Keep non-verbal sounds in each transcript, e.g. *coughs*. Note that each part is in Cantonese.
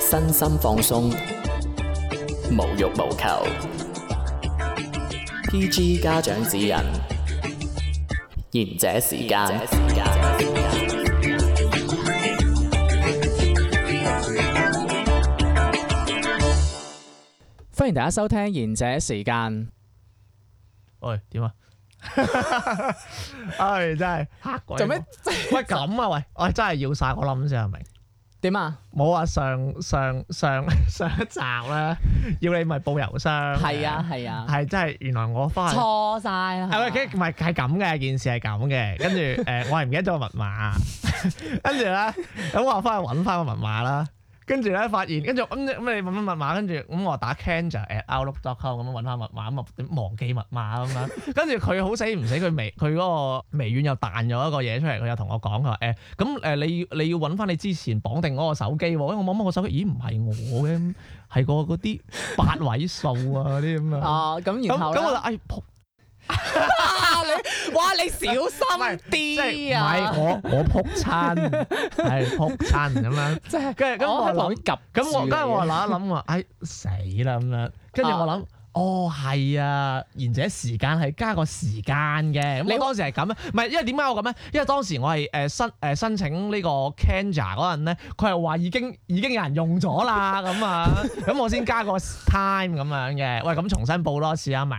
身心放鬆，無欲無求。PG 家長指引，賢者時間。歡迎大家收聽賢者時間。喂，點啊？哎，真係吓鬼！做咩喂咁啊？喂，我真係要晒我諗先明。點啊？冇啊！上上上上一集啦，要你咪報郵箱。係啊係啊，係真係。原來我翻去錯晒啦。係咪，唔係係咁嘅，件事係咁嘅。跟住誒，我係唔記得咗個密碼。跟住咧，咁我翻去搵翻個密碼啦。跟住咧發現，跟住咁、嗯嗯、你問翻密碼，跟住咁、嗯、我打 cancer at outlook.com 咁、嗯、樣揾下密碼，咁、嗯、啊忘記密碼咁樣、嗯。跟住佢好死唔死，佢微佢嗰個微軟又彈咗一個嘢出嚟，佢又同我講佢話誒，咁、欸、誒、嗯、你，你要你要揾翻你之前綁定嗰個手機喎，因為我摸摸個手機，咦唔係我嘅，係個嗰啲八位數啊嗰啲咁啊。哦，咁然後咧。 *laughs* 你哇！你小心啲啊！即係我我扑親係撲親咁樣，即係跟住咁我我咁我跟住我諗一諗話，哎死啦咁樣。跟住我諗，uh, 哦係啊，賢者時間係加個時間嘅。咁你當時係咁咩？唔係因為點解我咁咧？因為當時我係誒申誒申請個、ja、呢個 Kenja 嗰陣咧，佢係話已經已經有人用咗啦咁啊，咁我先加個 time 咁樣嘅。喂，咁重新報咯、啊，多次啊明。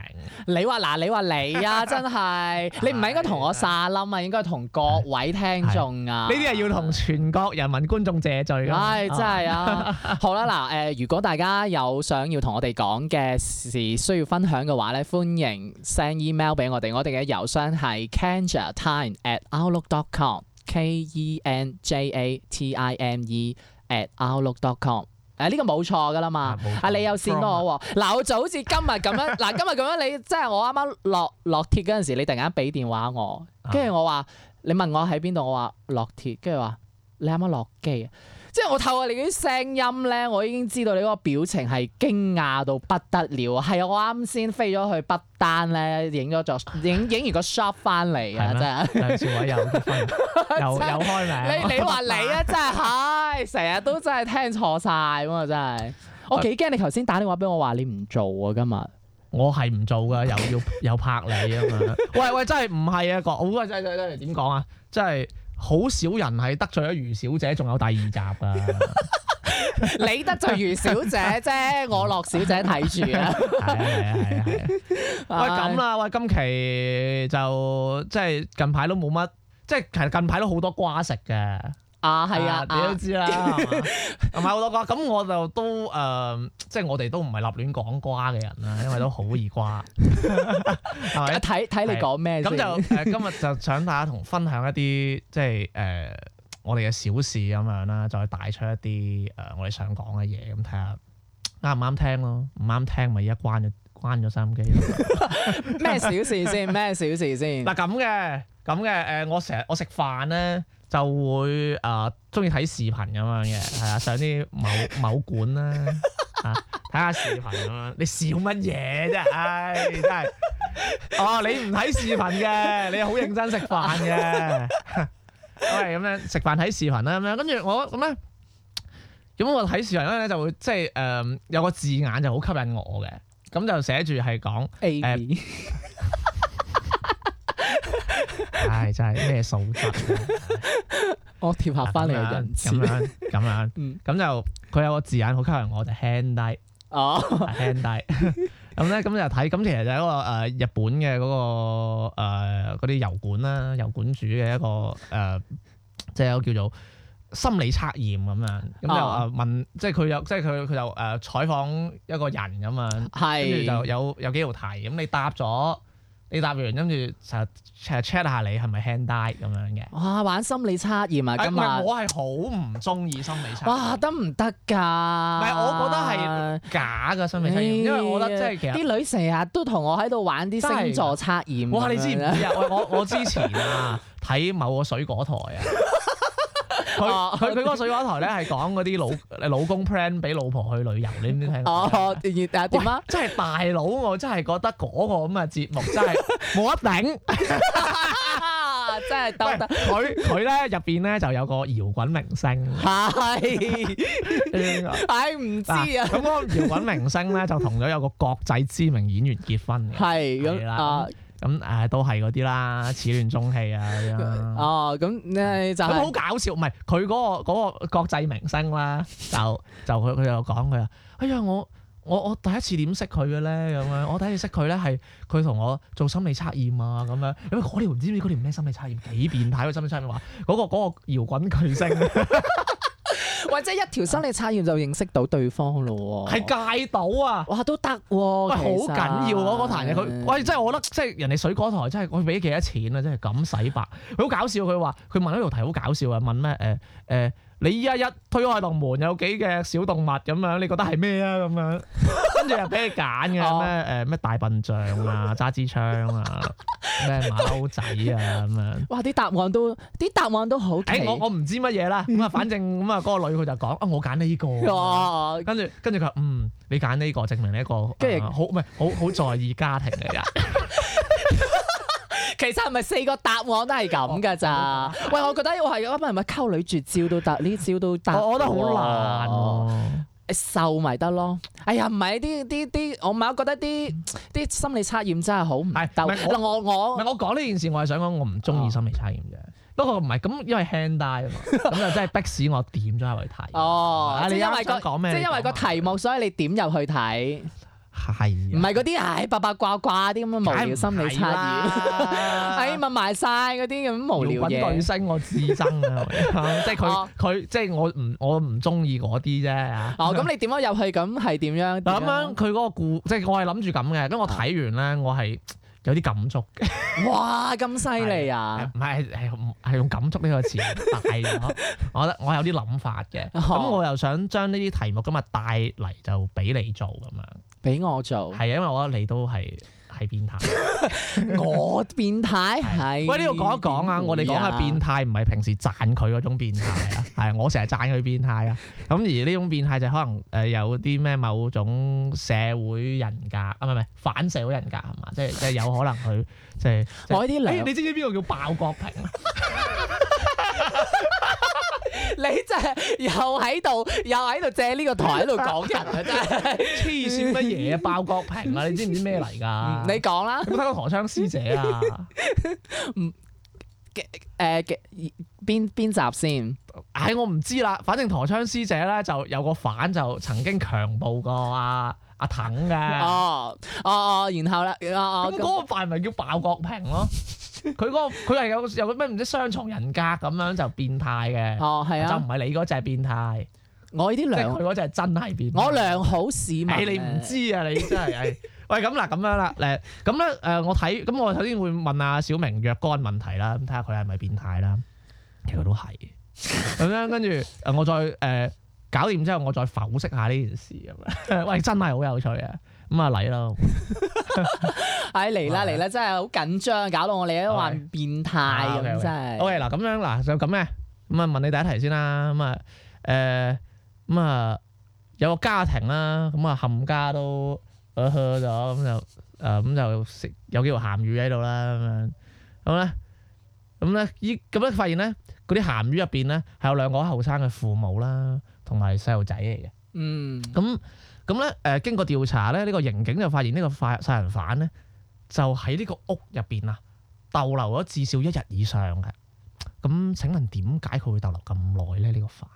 你話嗱，你話你啊，真係 *laughs* 你唔係應該同我曬冧啊， *laughs* 應該同各位聽眾啊。呢啲係要同全國人民觀眾謝罪㗎。唉， *laughs* 真係啊。 *laughs* 好啦，嗱，誒，如果大家有想要同我哋講嘅事需要分享嘅話咧，歡迎 send email 俾我哋，我哋嘅郵箱係 kenjatime@outlook.com，k e n j a t i m e@outlook.com。E 誒呢、啊，這個冇錯㗎喇嘛，阿錯、啊、你有線我喎，嗱從、啊、我就好似今日咁樣，嗱、 *laughs* 啊、今日咁樣你即係我啱啱落落鐵嗰陣時，你突然間俾電話我，跟住我話你問我喺邊度，我話落鐵，跟住話你啱啱落機。即係我透過你啲聲音咧，我已經知道你嗰個表情係驚訝到不得了。係啊，我啱先飛咗去不丹咧，影咗張影影完個 shop 翻嚟啊！真係又又又開名， *laughs* 你你話你啊！真係，唉、哎，成日都真係聽錯晒。咁啊！真係，我幾驚你頭先打電話俾我話你唔做啊！呃、今日天我係唔做噶， *laughs* 又要又拍你啊嘛！ *laughs* 喂喂，真係唔係啊？好，我真真真點講啊？真係。真好少人係得罪咗余小姐，仲有第二集㗎、啊。 *laughs* *laughs* 你得罪余小姐啫，我樂小姐睇住啊。係啊係啊。啊啊啊 *laughs* 喂咁啦，喂今期就即係近排都冇乜，即係其實近排都好多瓜食嘅。啊，係啊，你都、啊、知啦，同埋好多瓜。咁、嗯、我就、呃就是、我都誒，即係我哋都唔係立亂講瓜嘅人啦，因為都好易瓜。係 *laughs* 咪、嗯？睇睇 *laughs* 你講咩、嗯？咁就誒、呃，今日就想大家同分享一啲即係誒、呃，我哋嘅小事咁樣啦，就帶出一啲誒、呃，我哋想講嘅嘢，咁睇下啱唔啱聽咯。唔啱聽，咪而家關咗關咗收音機。咩、嗯、 *laughs* 小事先？咩小事先、啊？嗱咁嘅咁嘅，誒、呃，我成日我食飯咧。就會誒鍾意睇視頻咁樣嘅，係啊，上啲某某館啦、啊，睇、啊、下視頻咁樣，你笑乜嘢啫？唉、哎，真係，哦，你唔睇視頻嘅，你好認真食飯嘅，都咁、哎、樣食飯睇視頻啦咁樣，跟住我咁咧，咁我睇視頻咧就會即係誒、呃、有個字眼就好吸引我嘅，咁就寫住係講 A B、呃。A. *laughs* 唉，就係咩素質？ *laughs* 我貼合翻嚟，咁樣咁樣，咁就佢有個字眼好吸引我，就 hentai、是、哦，hentai。咁咧， *laughs* 咁就睇，咁其實就係一個誒、呃、日本嘅嗰、嗰個誒嗰啲油管啦，油管主嘅一個誒，即係有叫做心理測驗咁樣。咁就誒問，哦、即係佢有，即係佢佢就誒採訪一個人咁啊。係。就有是就有幾條題，咁你答咗。你答完，跟住就誒 check 下你係咪 hand die 咁樣嘅。Ye, 哇！玩心理測驗啊，今日天。我係好唔中意心理測驗。哇！得唔得㗎？唔係，我覺得係假嘅心理測驗，因為我覺得即係其實啲、欸、女成日都同我喺度玩啲星座測驗的。哇！你知唔知啊？ *laughs* 我我之前啊，睇某個水果台啊。 *laughs* 佢佢佢個水果台咧係講嗰啲老老公 plan 俾老婆去旅遊，你知點睇？哦、喔，第、欸、點啊？即係大佬，我真係覺得嗰個咁嘅節目真係冇得頂，真係得得。佢佢咧入邊咧就有個搖滾明星，係 *laughs* 是，唉唔、 *laughs* 欸、知啊。咁嗰、啊、個搖滾明星咧就同咗有個國際知名演員結婚嘅，係咁啦。的咁誒、呃、都係嗰啲啦，始亂終棄啊！ *laughs* 哦，咁你就好、係、搞笑，唔係佢嗰個嗰、嗰個國際明星啦，就就佢佢又講佢啊，哎呀我我我第一次點識佢嘅咧，咁樣我第一次識佢咧係佢同我做心理測驗啊，咁樣，因為我哋唔知唔知嗰條咩心理測驗幾變態，佢心聲話嗰個嗰、嗰個搖滾巨星。嗰個 *laughs* *laughs* *laughs* 或者一條心理測驗就認識到對方咯喎，係戒到啊！哇，都得喎、啊，喂，好緊要嗰個台佢，喂，真係我覺得，即係人哋水果台真係佢俾幾多錢啊！真係咁洗白，佢好搞笑，佢話佢問一道題好搞笑啊，問咩誒誒。呃呃你依家一推開棟門，有幾隻小動物咁樣，你覺得係咩、oh. 呃、啊？咁樣，跟住又俾你揀嘅咩？誒咩大笨象啊，揸支槍啊，咩馬騮仔啊咁樣。哇！啲、那個、答案都啲、那個、答案都好、欸。我我唔知乜嘢啦。咁啊，反正咁啊，嗰、那個女佢就講啊，我揀呢、這個。跟住跟住佢話，嗯，你揀呢、這個，證明你、這、一個，跟、呃、住著好唔係好好,好,好在意家庭嘅人。 *laughs* 其實係咪四個答案都係咁嘅咋？哦、喂，我覺得、哦、我係咁、啊，係咪溝女絕招都得，呢招都得。我覺得好難，瘦咪得咯。哎呀，唔係啲啲啲，我咪覺得啲啲心理測驗真係好唔鬥。嗱、哎，我我唔係我講呢件事，我係想講我唔中意心理測驗嘅。哦、不過唔係咁，因為 hand die，咁就真係逼使我點咗入去睇。哦，啊、你係因為、嗰個講咩？即係因為個題目，所以你點入去睇？係唔係嗰啲唉，八八卦卦啲咁嘅無聊心理測驗，唉、啊 *laughs* 哎、問埋晒嗰啲咁無聊嘅。對新我自憎啊！即係佢佢即係我唔我唔中意嗰啲啫哦咁你點樣入去？咁係點樣？咁樣佢嗰個故即係我係諗住咁嘅。等我睇完咧，我係有啲感觸嘅。哇咁犀利啊！唔係係用感觸呢個詞帶 *laughs* 我，我得我有啲諗法嘅。咁 *laughs* 我又想將呢啲題目今日帶嚟就俾你做咁樣。俾我做，係啊，因為我覺得你都係係變態，我變態係，喂，呢度講一講啊，我哋講下變態，唔係平時讚佢嗰種變態啊，係啊，我成日讚佢變態啊，咁而呢種變態就可能誒有啲咩某種社會人格啊，唔係唔係反社會人格係嘛，即係即係有可能佢即係我呢啲，你知唔知邊個叫爆國平？ *laughs* *laughs* 你真係又喺度， *laughs* 又喺度借呢個台喺度講人啊！真係黐線，乜嘢？鮑國平啊！你知唔知咩嚟㗎？你講啦！有冇睇過陀槍師姐啊？唔嘅誒嘅邊邊集先？唉、 *laughs* 哎，我唔知啦。反正陀槍師姐咧就有個反就曾經強暴過阿阿騰嘅。啊、哦哦哦，然後咧，咁嗰個反咪叫鮑國平咯？佢嗰、 *laughs* 嗰個佢係有有個咩唔知雙重人格咁樣就變態嘅。哦係啊，就唔係你嗰隻變態，我呢啲良，佢嗰隻真係變態，我良好市民。欸，你唔知啊你真係係，欸、 *laughs* 喂，咁啦咁樣啦誒咁咧誒我睇咁我首先會問阿小明若干問題啦，咁睇下佢係咪變態啦，其實都係咁樣跟住，誒我再誒、呃、搞掂之後我再剖析下呢件事咁樣。 *laughs* 喂真係好有趣啊！咁啊嚟咯！ *laughs* *laughs* 哎嚟啦嚟啦，真係好緊張，搞到我哋都話變態咁，真係。OK 嗱咁樣嗱就咁嘅，咁啊問你第一題先啦，咁啊誒咁啊有個家庭啦，咁啊冚家都咗咁就誒咁就食有幾條鹹魚喺度啦咁樣，咁咧咁咧咦咁咧發現咧嗰啲鹹魚入邊咧係有兩個後生嘅父母啦，同埋細路仔嚟嘅。嗯。咁、呃呃。嗯咁咧，誒經過調查咧，呢個刑警就發現呢個殺殺人犯咧，就喺呢個屋入邊啊逗留咗至少一日以上嘅。咁請問點解佢會逗留咁耐咧？呢個犯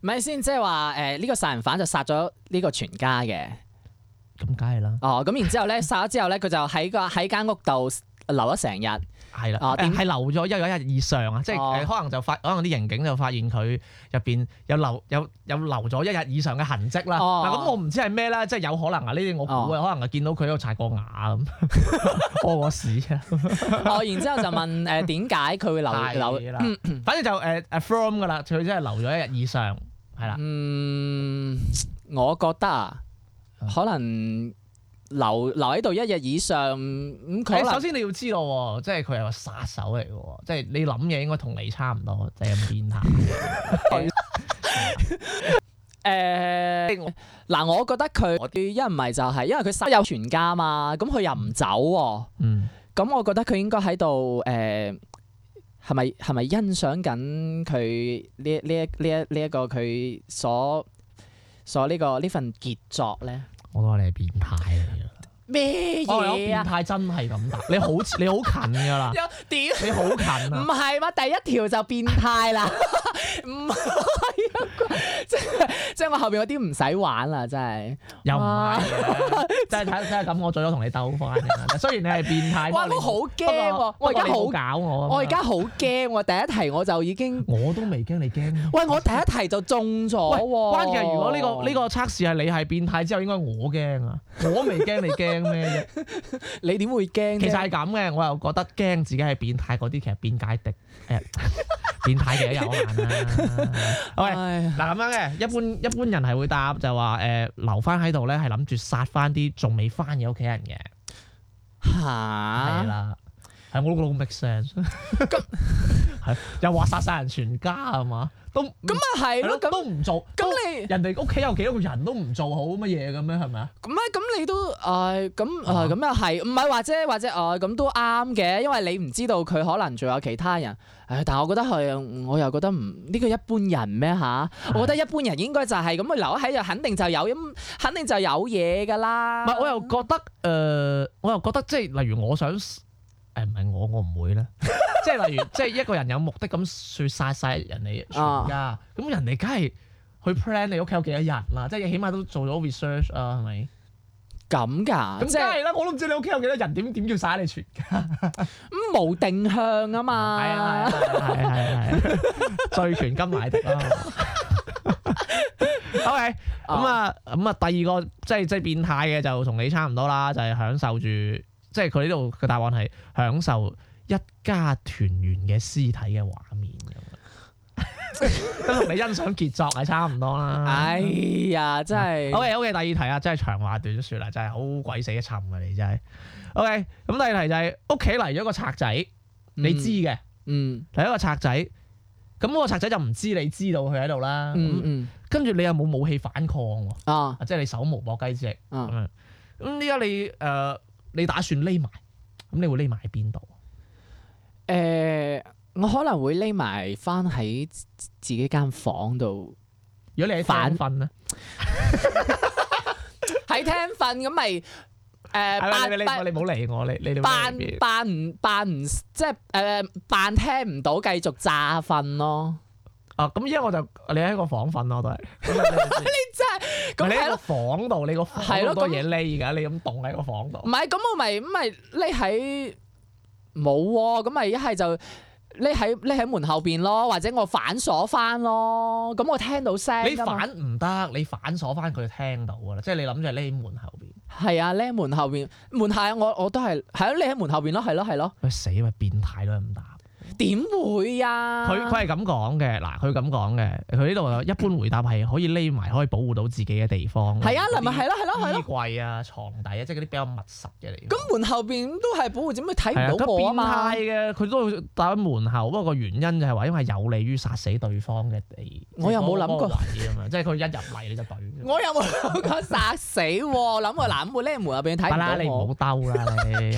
咪先即係話誒呢個殺人犯就殺咗呢個全家嘅。咁梗係啦。哦，咁然之後咧殺咗之後咧，佢就喺個喺間屋度留咗成日。係啦，係、啊、 *noise* 留咗一有一日以上啊，即、就、係、是、可能就發，可能啲刑警就發現佢入邊有留有有留咗一日以上嘅痕跡啦。咁、哦、我唔知係咩啦，即、就、係、是、有可能啊，呢啲我估啊，哦、可能見到佢喺度擦個牙咁，屙 *laughs* 個 *laughs* 屎啊。 *laughs* *laughs* 哦，然之後就問誒點解佢會留留， *laughs* 反正就誒 affirm 噶啦，佢真係留咗一日以上，係啦。嗯，我覺得啊，可能。留留喺度一日以上，咁佢、嗯、首先你要知道喎，即係佢係個殺手嚟嘅喎，即係你諗嘢應該同你差唔多， *laughs* 即係咁變態。誒，嗱，我覺得佢一唔係就係、是、因為佢殺有全家嘛，咁佢又唔走、啊，咁、嗯、我覺得佢應該喺度誒，係咪係咪欣賞緊佢、這個這個、呢呢一呢一呢一個佢所所呢個呢份傑作咧？我都話你係變態啊！咩嘢啊？哦、我變態真係咁答，你好你好近㗎啦，有你好近啊？唔係嘛，第一條就變態啦，唔即係即係我後邊嗰啲唔使玩啦，真係又唔係，真係睇睇下咁， *laughs* 我最多同你鬥翻啊。雖然你係變態， *laughs* 但你哇，我好驚喎、啊，過我而家好搞我，我而家好驚喎，第一題我就已經我都未驚你驚。喂，我第一題就中咗喎、啊，關鍵係如果呢、呢個呢、呢個測試係你係變態之後，應該我驚啊，我未驚你驚。 *laughs* 咩啫？ *laughs* 你點會驚？其實係咁嘅，我又覺得驚自己係變態嗰啲，其實變解敵誒、呃，變態嘅有難啦。OK，喂，嗱咁樣嘅，一般一般人係會答就話誒、呃、留翻喺度咧，係諗住殺翻啲仲未翻嘅屋企人嘅嚇。係啦。係我都覺得好 make sense，咁係又話殺曬人全家係嘛？都咁啊係咯，咁都唔做。咁你人哋屋企有幾多個人都唔做好乜嘢嘅咩？係咪啊？咁啊咁你都誒咁誒咁又係唔係話啫？或者或者誒咁都啱嘅，因為你唔知道佢可能仲有其他人。誒，但係我覺得係，我又覺得唔呢個一般人咩嚇？我覺得一般人應該就係咁佢留喺度，肯定就有咁，肯定就有嘢㗎啦。唔係我又覺得誒，我又覺得即係例如我想。係唔係我？我唔會啦。即係例如，即係一個人有目的咁殺晒晒人哋全家，咁人哋梗係去 plan 你屋企有幾多人啦。即係起碼都做咗 research 啊，係咪？咁噶？咁梗係啦，我都唔知你屋企有幾多人，點點叫晒你全家？咁無定向啊嘛。係啊，係啊，係啊，係啊，聚全金買的啦。OK，咁啊，咁啊，第二個即係即係變態嘅就同你差唔多啦，就係享受住。即係佢呢度嘅答案係享受一家團圓嘅屍體嘅畫面咁樣，咁同你欣賞傑作係差唔多啦。哎呀，真係。O K O K，第二題啊，真係長話短説啦，真係好鬼死一沉啊！你真係。O K，咁第二題就係屋企嚟咗個賊仔，你知嘅。嗯。嚟一個賊仔，咁嗰個賊仔就唔知你知道佢喺度啦。嗯，跟住你又冇武器反抗喎。啊。即係你手無縛雞之力咁，呢家你誒？你打算匿埋，咁你會匿埋喺邊度？誒、呃，我可能會匿埋返喺自己間房度。如果你喺聽瞓啦，喺、呃、廳瞓咁咪誒，扮扮你唔好理我，你你扮扮唔扮唔即係誒扮聽唔到，繼續詐瞓咯。咁依家我就你喺個房瞓咯，都係。 *laughs* 你真係咁，你喺個房度，了你個好多嘢匿㗎，那你咁凍喺個房度。唔係，咁我咪唔係匿喺冇喎，咁咪一係就匿喺匿喺門後邊咯，或者我反鎖翻咯。咁我聽到聲。你反唔得，你反鎖翻佢聽到㗎啦，即係你諗住匿喺門後邊。係啊，匿門後邊，門下我我都係係匿喺門後邊咯，係咯係咯。死咪、啊啊、變態咯，咁打！點會啊！佢佢係咁講嘅，嗱佢咁講嘅，佢呢度一般回答係可以匿埋，可以保護到自己嘅地方。係啊，嗱咪係咯，係咯，係咯，衣櫃啊、床底啊，即係嗰啲比較密實嘅嚟。咁門後邊都係保護，點解睇唔到我啊？嘛，變態嘅，佢都打喺門後。不過個原因就係話，因為有利於殺死對方嘅地。我又冇諗過。位即係佢一入嚟你就我又冇諗過殺死喎，諗個冷匿呢門又俾睇啦，你唔好兜啦你。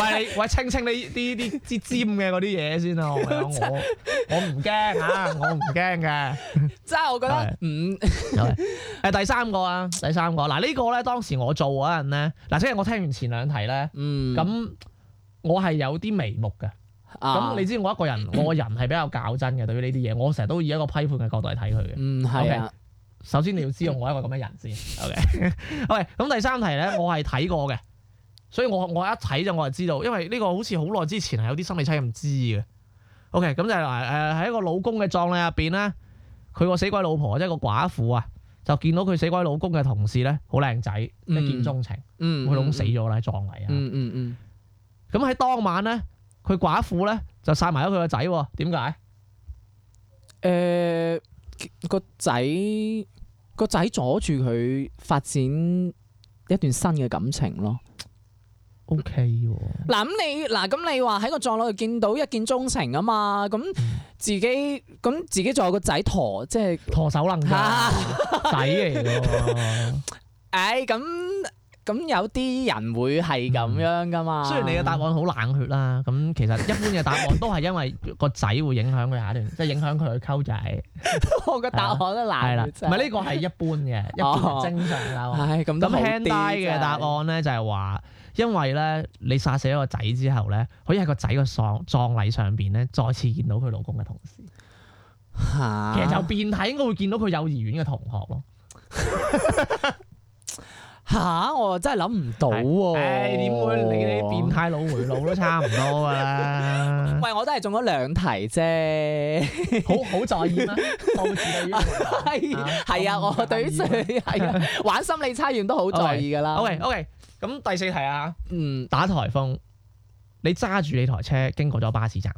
喂，喂，清清你啲啲。嘅啲嘢先咯，我我唔驚吓，我唔驚嘅。即係 *laughs* *laughs* 我覺得，嗯，係、okay. 第三個啊，第三個。嗱、啊，這個、呢個咧，當時我做嗰陣咧，嗱即係我聽完前兩題咧，咁我係有啲眉目嘅。咁、嗯、你知我一個人，我個人係比較較真嘅，對於呢啲嘢，我成日都以一個批判嘅角度嚟睇佢嘅。嗯，係、啊 okay. 首先你要知道我係一個咁嘅人先。O K，O K，咁第三題咧，我係睇過嘅。所以我我一睇就我就知道，因為呢個好似好耐之前係有啲心理測驗知嘅。O K，咁就係嗱喺一個老公嘅葬禮入邊咧，佢個死鬼老婆即係個寡婦啊，就見到佢死鬼老公嘅同事咧，好靚仔，嗯、一見鐘情，嗯。嗯，佢老公死咗啦，葬禮啊。嗯嗯嗯。咁喺當晚咧，佢寡婦咧就殺埋咗佢個仔喎。點解？誒，個仔個仔阻住佢發展一段新嘅感情咯。OK 喎，嗱咁你嗱咁你話喺個葬禮見到一見鍾情啊嘛，咁自己咁自己仲有個仔陀，即係陀手能家仔嚟喎。哎，咁咁有啲人會係咁樣噶嘛？雖然你嘅答案好冷血啦，咁其實一般嘅答案都係因為個仔會影響佢下一段，即係影響佢去溝仔。我個答案都冷啦，唔係呢個係一般嘅，一般正常嘅。咁咁 hand 嘅答案咧就係話。因為咧，你殺死咗個仔之後咧，可以喺個仔嘅喪葬禮上邊咧，再次見到佢老公嘅同事。吓麼，其實有變態應該會見到佢幼兒園嘅同學咯。吓，我真係諗唔到喎、啊。點、哎、會？你你變態腦回路都差唔多啦。 *laughs* 喂，我都係中咗兩題啫。好好在意啦！我唔注意。係、 *laughs* 哎、啊，啊我對於最係玩心理測驗都好在意噶啦。OK，OK、okay, okay, okay。咁第四題啊，打颱風，你揸住你台車經過咗巴士站，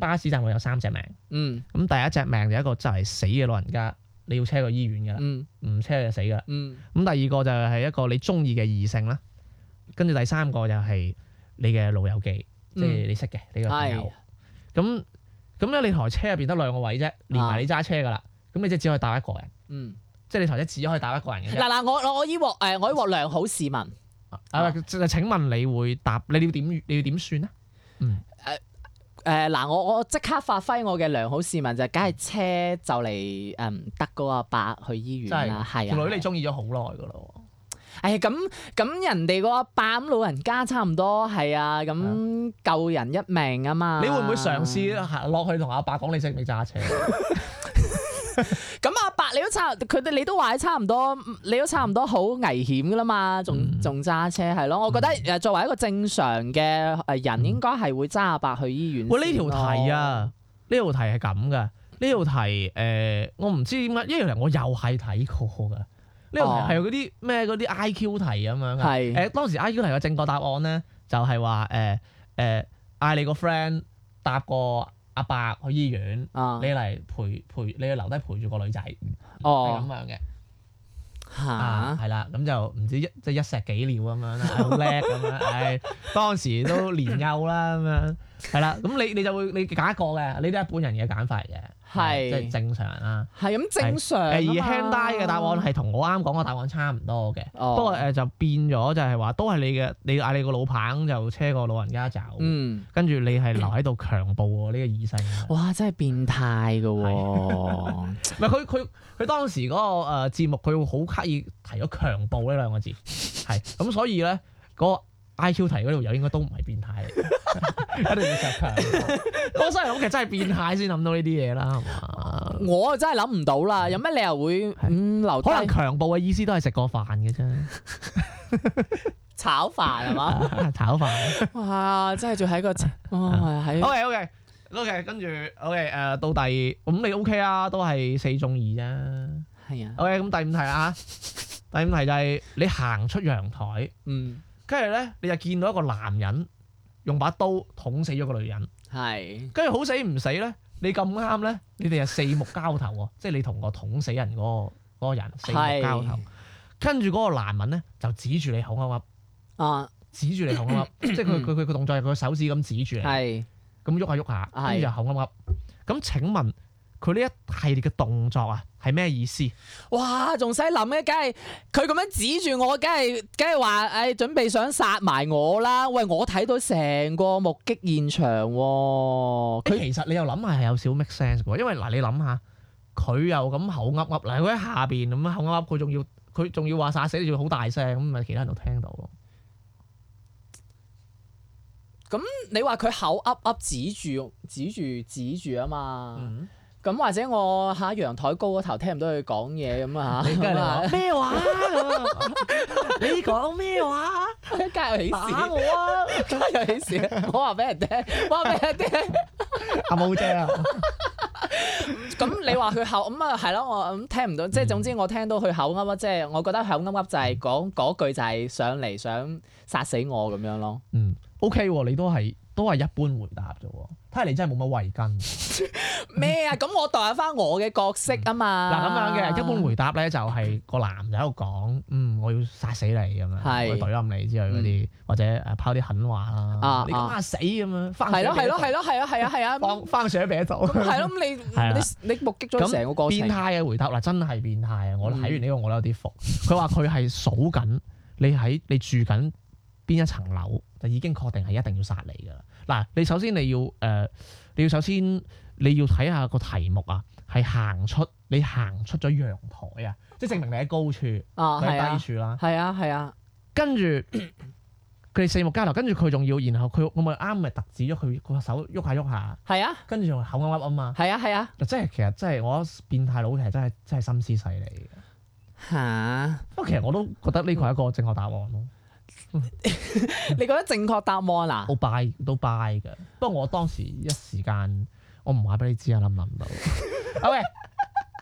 巴士站會有三隻命，咁第一隻命就係一個就係死嘅老人家，你要車去醫院㗎喇，唔車就死㗎喇，咁第二個就係一個你中意嘅異性啦，跟住第三個就係你嘅老友記，即係你識嘅呢個朋友，咁咁咧你台車入邊得兩個位啫，連埋你揸車噶啦，咁你即只可以打一個人，即係你台車只可以打一個人嘅。嗱嗱，我我我呢鑊誒我呢鑊良好市民。啊！就、啊、請問你會答？你要點？你要點算咧？嗯。誒誒、呃，嗱、呃，我我即刻發揮我嘅良好市民就，梗係車就嚟誒得嗰個爸，爸去醫院啦。係啊。女你中意咗好耐噶咯。哎，咁咁人哋嗰阿爸，爸咁老人家差唔多係啊，咁救人一命嘛啊嘛。你會唔會嘗試落去同阿爸講你識唔識揸車？ *laughs* *laughs* *laughs* 你都差，佢哋你都話差唔多，你都差唔多好危險噶啦嘛，仲仲揸車係咯，我覺得誒作為一個正常嘅誒人，嗯、應該係會揸阿伯去醫院。喂，呢條題啊，呢條題係咁噶，呢條題誒、呃，我唔知點解，呢條題，我又係睇過噶。呢條題係嗰啲咩嗰啲 I Q 題咁樣嘅。係是。誒、呃，當時 I Q 題嘅正確答案咧，就係話誒誒嗌你個 friend 答個。阿伯去醫院，啊、你嚟陪陪，你要留低陪住個女仔，係咁、哦、樣嘅，啊，係啦、啊，咁就唔知即一，就是、一石幾鳥咁樣啦，好叻咁樣，唉、 *laughs* 啊，哎、 *laughs* 當時都年幼啦咁樣，係啦，咁你你就會你揀一個嘅，你都係一般人嘅揀法嚟嘅。係即係正常啦、啊。係咁正常、啊。而 handy 嘅答案係同我啱講嘅答案差唔多嘅。Oh. 不過誒就變咗就係話都係你嘅，你嗌你個老婆就車個老人家走。嗯，跟住你係留喺度強暴呢 *coughs* 個異性。哇！真係變態嘅喎、啊。唔係佢佢佢當時嗰、那個誒節目佢會好刻意提咗強暴呢兩個字。係咁 *laughs* 所以咧嗰，那個 I.Q. 題嗰度又應該都唔係變態，一定要夾佢。我真係諗佢真係變態先諗到呢啲嘢啦，係嘛？我真係諗唔到啦。有咩理由會嗯留？可能強暴嘅意思都係食過飯嘅啫，炒飯係嘛？炒飯哇，真係仲喺個哦係。O.K.O.K. 跟住 O.K. 誒，到第二，咁你 O.K. 啊，都係四中二啫。係啊。O.K. 咁第五題啊，第五題就係你行出陽台，嗯。跟住咧，你就見到一個男人用把刀捅死咗個女人。係是。跟住好死唔死咧，你咁啱咧，你哋係四目交投喎， *laughs* 即係你同個捅死人嗰個人是四目交投。跟住嗰個男人咧就指住你口噏噏。口啊！指住你口噏噏，即係佢佢佢個動作係佢手指咁指住你。係是。咁喐下喐下，咁就口噏噏。咁請問，佢呢一系列嘅動作啊，係咩意思？哇！仲使諗咩，梗係佢咁樣指住我，梗係梗係話誒準備想殺埋我啦。喂，我睇到成個目擊現場喎。佢，其實你又諗下係有少咩 make sense，因為嗱，你諗下佢又咁口噏噏，嗱佢喺下邊咁樣口噏噏，佢仲要佢仲要話殺死，仲要好大聲咁，咪其他人都聽到咯。咁你話佢口噏噏指住指住指住啊嘛？咁或者我喺陽台高嗰頭聽唔到佢講嘢咁啊嚇，咩話？你講咩 *laughs* 話？ *laughs* 家有喜事，我啊！家有喜事，我話俾人聽，話俾人聽，阿帽姐啊！咁你話佢口咁啊，係 *laughs* 咯、 *laughs* 嗯啊？我咁聽唔到，即係總之我聽到佢口啱啊！即係我覺得口啱啱就係講嗰句就係上嚟想殺死我咁樣咯。嗯，OK，你都係。都係一般回答啫喎，睇嚟你真係冇乜慧根。咩啊？咁我代入翻我嘅角色啊嘛。嗱，咁樣嘅一般回答咧，就係個男仔喺度講：嗯，我要殺死你咁樣，我懟冧你之類啲，或者誒拋啲狠話啦。你咁晚死咁樣，翻。係咯係咯係咯係啊係啊係啊！放番水俾一度。咁係咯，你你你目擊咗成個過程。變態嘅回答啦，真係變態啊！我睇完呢個我都有啲服。佢話佢係數緊你喺你住緊邊一層樓就已經確定係一定要殺你嘅啦！嗱，你首先你要誒、呃，你要首先你要睇下個題目啊，係行出你行出咗陽台啊，即係證明你喺高處，喺、哦、低處啦。係啊係啊，啊啊跟住佢哋四目交流，跟住佢仲要，然後佢我咪啱咪特指咗佢個手喐下喐下。係啊，跟住仲口噏噏啊嘛。係啊係啊，即、啊、係其實即係我變態佬其實真係真係心思細膩嘅嚇。不過其實我都覺得呢個係一個正確答案咯。 *laughs* 你覺得正確答案啊？我拜都拜噶，不過我當時一時間我唔話俾你知、okay, *laughs* 啊，諗唔諗到。o k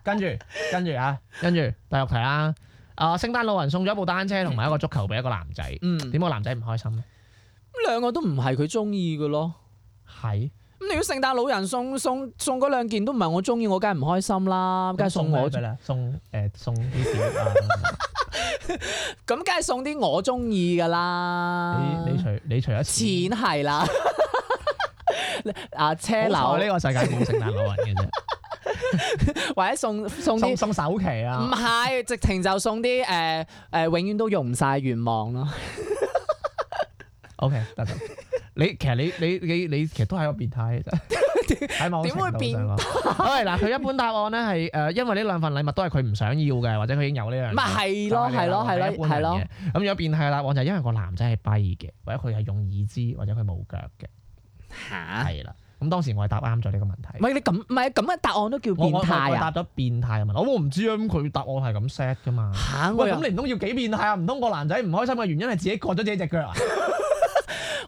跟住，跟住啊，跟住第六題啦。誒，聖誕老人送咗部單車同埋一個足球俾一個男仔，點解、嗯、個男仔唔開心咧？咁兩個都唔係佢中意嘅咯，係。咁如果聖誕老人送送送兩件都唔係我中意，我梗係唔開心啦，梗係送我，送誒送啲表啊，咁梗係送啲我中意噶啦。你你除你除咗錢係啦，啊車樓呢個世界冇聖誕老人嘅啫，或者送送啲首期啊，唔係直情就送啲誒誒永遠都用唔晒嘅願望咯。OK，得。你其實你你你你其實都係個變態嘅啫，點 *laughs* 會變態？嗱，佢一般答案咧係誒，因為呢兩份禮物都係佢唔想要嘅，或者佢已經有呢樣。咪係咯，係咯，係咯，係咯。咁如果變態嘅答案就係因為個男仔係跛嘅，或者佢係用耳肢，或者佢冇腳嘅。嚇、啊！係啦，咁當時我係答啱咗呢個問題。唔係你咁，唔係咁嘅答案都叫變態？我答咗變態嘅問題，我我唔知啊。佢答案係咁 set 㗎嘛？喂，咁你唔通要幾變態啊？係啊，唔通個男仔唔開心嘅原因係自己割咗自己隻腳啊？ *laughs*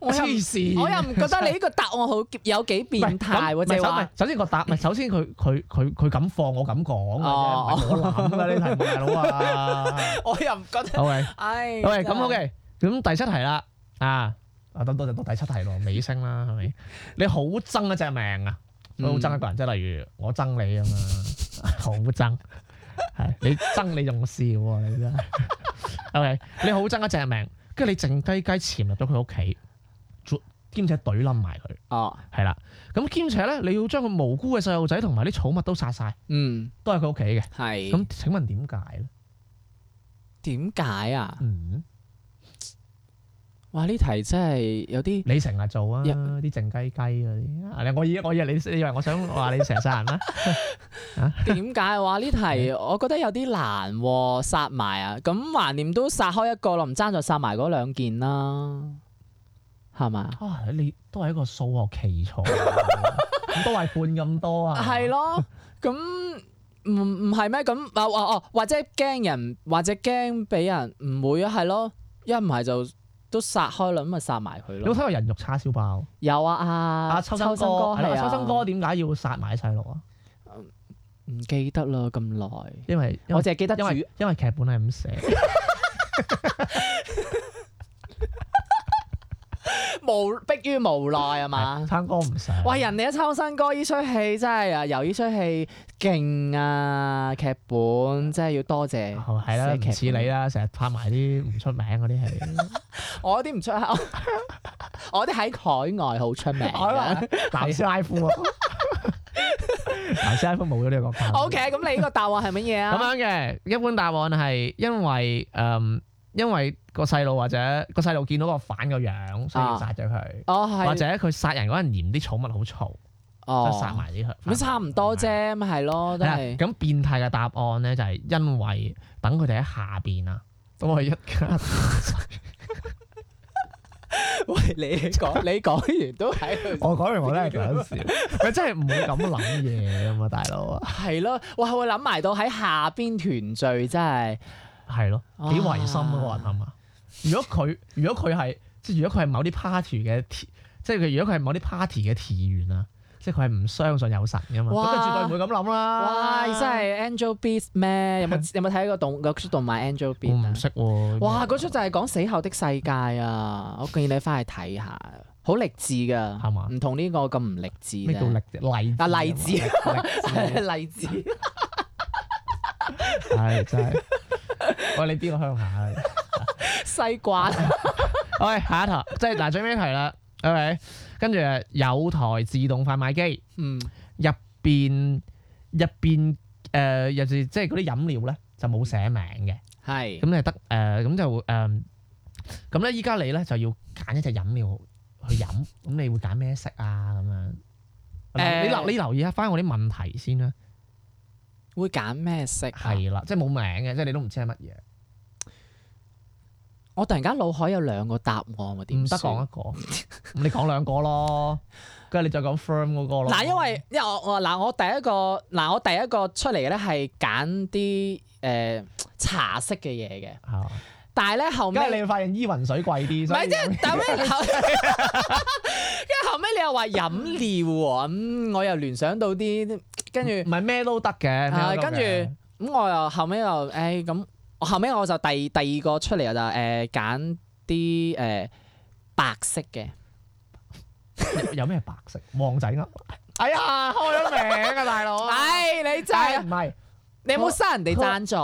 黐，我又唔覺得你呢個答案好有幾變態喎，首先個答，唔係首先佢佢佢佢敢放，我敢講我諗啦，嘅呢題，大佬啊！我又唔覺得。O K，喂，咁 O K，咁第七題啦，啊啊，到到就到第七題咯。尾聲啦，係咪？你好憎一隻命啊！好憎一個人，即係例如我憎你啊嘛，好憎。係你憎你仲笑你真係 O K，你好憎一隻命，跟住你靜雞雞潛入咗佢屋企。兼且懟冧埋佢哦，係啦。咁兼且咧，你要將個無辜嘅細路仔同埋啲寵物都殺晒，嗯，都係佢屋企嘅。係是。咁請問、嗯、點解咧？點解啊？嗯有。哇！呢題真係有啲你成日做啊啲靜雞雞嗰啲我以我以為你，你以為我想話 *laughs* 你成日殺人啦？啊？ *laughs* 點解話呢題？的我覺得有啲難喎、啊，殺埋啊！咁橫掂都殺開一個咯，唔爭就殺埋嗰兩件啦。係嘛？哇、哦！你都係一個數學奇才、啊，咁 *laughs* 都係半咁多啊？係咯，咁唔唔係咩？咁啊啊啊！或者驚人，或者驚俾人唔會啊？係咯，一唔係就都殺開啦，咁咪殺埋佢咯。有冇睇過人肉叉燒包？有啊，阿阿、啊、秋生哥，嗱、啊啊，秋生哥點解要殺埋啲細路啊？唔、嗯、記得啦，咁耐，因為我淨係記得因為因為劇本係咁寫。 *laughs* 無逼於無奈係嘛？新哥唔使。喂，人哋一抽新歌，依出戲真係啊！由依出戲勁啊，劇本真係要多謝。係啦、哦，唔似你啦，成日拍埋啲唔出名嗰啲戲。 *laughs* 我啲唔不出口， *laughs* 我啲喺海外好出名。海外拉斯拉夫啊，拉斯拉夫冇咗呢個。O K，咁你呢個答案係乜嘢啊？咁 *laughs* 樣嘅，一般答案係因為誒。嗯因為個細路或者個細路見到個反個樣，所以要殺咗佢。哦，係。或者佢殺人嗰陣嫌啲寵物好嘈，哦，所以殺埋啲佢。咁差唔多啫，咪係咯，都係吧。咁變態嘅答案咧，就係因為等佢哋喺下邊啊，咁我一家、嗯。 *laughs* 喂，你講你講完都喺 *laughs* 我講完我都係講笑，佢真係唔會咁諗嘢啊嘛，大佬。係咯，哇！我諗埋到喺下邊團聚真，真係。係咯，幾唯心啊個人係嘛？如果佢，如果佢係，即係如果佢係某啲 party 嘅，即係佢如果佢係某啲 party 嘅議員啊，即係佢係唔相信有神噶嘛？咁佢絕對唔會咁諗啦。哇！真係 Angel Beats 咩？有冇有冇睇過動嗰出動漫 Angel Beats？唔識喎。哇！嗰出就係講死後的世界啊！我建議你翻去睇下，好勵志噶，係嘛？唔同呢個咁唔勵志。咩叫勵？例啊，例子，例子，係真係。喂，你邊個鄉下？西瓜。好，下一台題，即係嗱最尾一題啦，係咪？跟住有台自動販賣機，嗯，入邊入邊誒，又、呃就是即係嗰啲飲料咧，就冇寫名嘅，係是。咁你得誒，咁、呃、就誒，咁咧依家你咧就要揀一隻飲料去飲，咁 *laughs* 你會揀咩色啊？咁樣。誒、呃，你留你留意下返我啲問題先啦。會揀咩色？係啦，即係冇名嘅，即係你都唔知係乜嘢。我突然間腦海有兩個答案，唔得講一個， *laughs* 你講兩個咯，跟住你再講 firm 嗰個咯。嗱，因為因為我我嗱我第一個嗱我第一個出嚟嘅咧係揀啲誒茶色嘅嘢嘅。啊。但係咧，後尾因為你會發現依雲水貴啲，唔係即係，但係後尾你又話飲料喎、嗯，我又聯想到啲，跟住唔係咩都得嘅、啊，跟住咁我又後尾又，哎、欸、咁，我後尾我就第第二個出嚟就係誒揀啲誒白色嘅。有咩白色？旺仔啊！哎呀，開咗名㗎，大佬！唉、 *laughs* 哎，你真係唔係？哎、你有冇收人哋贊助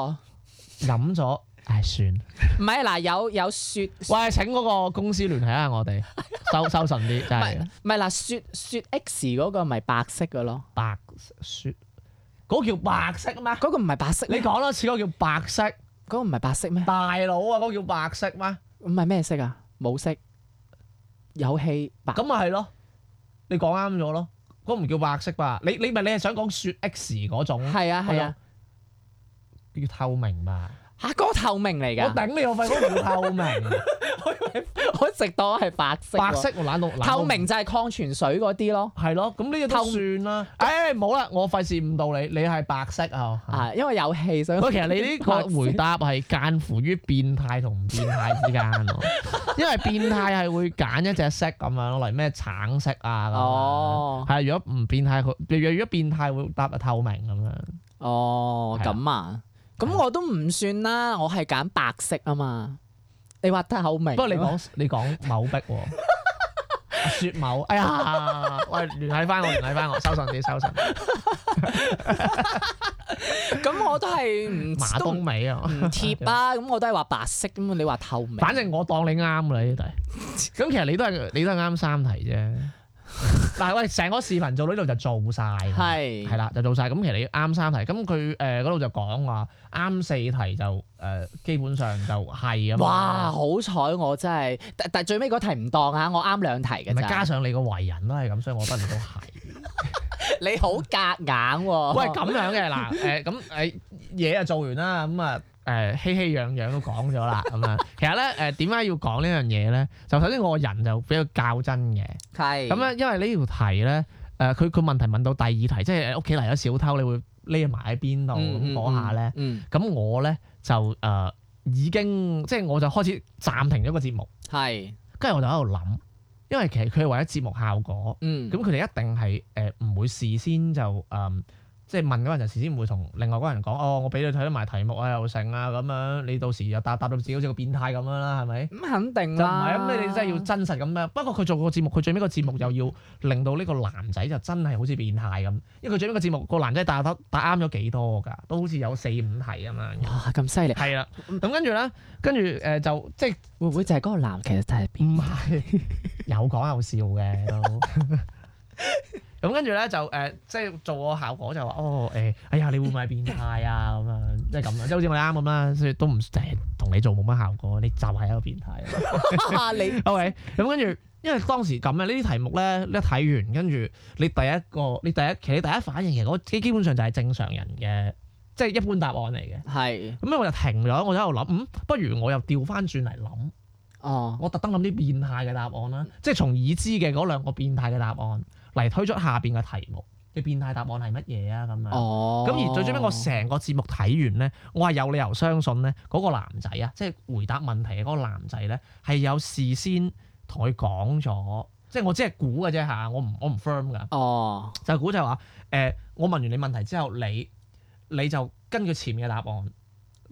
飲咗？唉、哎，算唔係嗱，有有雪喂，請嗰個公司聯繫下我哋 *laughs* 收收神啲，真係唔係嗱，雪雪 X 嗰個咪白色嘅咯，白雪嗰個叫白色咩？嗰個唔係白色，你講咯，似、嗰個叫白色，嗰個唔係白色咩？大佬啊，嗰個叫白色咩？唔係咩色啊？冇色，有氣白咁咪係咯？你講啱咗咯？嗰個唔叫白色吧？你你咪你係想講雪 X 嗰種？係啊係啊，嗰個叫透明吧。吓，個透明嚟噶？我頂你個肺，嗰唔透明。 *laughs* 我以，食到係白色。白色我懶得,得透明就係礦泉水嗰啲咯。係咯，咁呢個透算啦。誒、欸，冇啦，我費事誤導你。你係白色啊？係、啊，因為有氣所以。喂，其實你呢個回答係介乎於變態同唔變態之間。 *laughs* 因為變態係會揀一隻色咁樣咯，嚟，咩橙色啊哦。係，如果唔變態，若若如果變態會答透明咁樣。哦，咁的啊。咁我都唔算啦，我係揀白色啊嘛。你話得口味。不過你講你講某壁喎，說某，、啊、 *laughs* 雪某哎呀，喂，聯繫翻我，聯繫翻我，收自己收藏。咁 *laughs* 我都係唔麻都唔貼啊。咁、啊、我都係話白色咁啊。你話透明。反正我當你啱啦，呢題。咁其實你都係你都係啱三題啫。 *laughs* 但係喂，成個視頻做到呢度就做晒，係係啦，就做晒。咁其實你啱三題，咁佢誒嗰度就講話，啱四題就誒、呃、基本上就係咁。哇，好彩我真係，但但最尾嗰題唔當吓，我啱兩題嘅。加上你個為人都係咁，所以我得嚟都係。你好夾硬喎、啊！喂，咁樣嘅嗱，誒咁誒嘢就做完啦，咁啊。誒熙熙攘攘都講咗啦，咁樣 *laughs* *laughs* 其實咧，誒點解要講呢樣嘢咧？就首先我人就比較較真嘅，係咁咧，因為呢條題咧，誒佢佢問題問到第二題，即係屋企嚟咗小偷，你會匿埋喺邊度咁講下咧？咁、嗯嗯、我咧就誒、呃、已經即係、就是、我就開始暫停咗個節目，係，跟住我就喺度諗，因為其實佢為咗節目效果，嗯，咁佢哋一定係誒唔會事先就誒。呃即係問嗰陣時先唔會同另外個人講，哦，我俾你睇埋題目啊，又成啊咁樣，你到時又答答到自己好似個變態咁樣啦，係咪？咁肯定啦，就唔係咁咩？你真係要真實咁樣。不過佢做個節目，佢最尾個節目又要令到呢個男仔就真係好似變態咁，因為佢最尾個節目、個男仔答得答啱咗幾多㗎？都好似有四五題啊嘛。哇，咁犀利！係啦的，咁跟住咧，跟住誒就即係會唔會就係嗰個男其實就係變態？唔係，有講有笑嘅都。 *laughs* 咁、 *laughs* 嗯、跟住咧就誒、呃，即係做個效果就話哦誒、欸，哎呀你會唔會變態啊咁樣、嗯，即係咁樣，即係好似我啱咁啦，所以都唔成，同你做冇乜效果，你就係一個變態。你，ok，咁跟住，因為當時咁嘅呢啲題目咧，一睇完跟住你第一個，你第一，其實你第一反應其實我基基本上就係正常人嘅，即係一般答案嚟嘅。係是。咁咧、嗯、我就停咗，我就喺度諗，不如我又調翻轉嚟諗。哦。我特登諗啲變態嘅答案啦，即係從已知嘅嗰兩個變態嘅答案，嚟推出下邊嘅題目嘅變態答案係乜嘢啊？咁啊，咁、oh. 而最最屘，我成個節目睇完咧，我係有理由相信咧，嗰個男仔啊，即係回答問題嘅嗰個男仔咧，係有事先同佢講咗，即係我只係估嘅啫嚇，我唔我唔 firm 噶，哦，就係估就係話，誒，我問完你問題之後，你你就根據前面嘅答案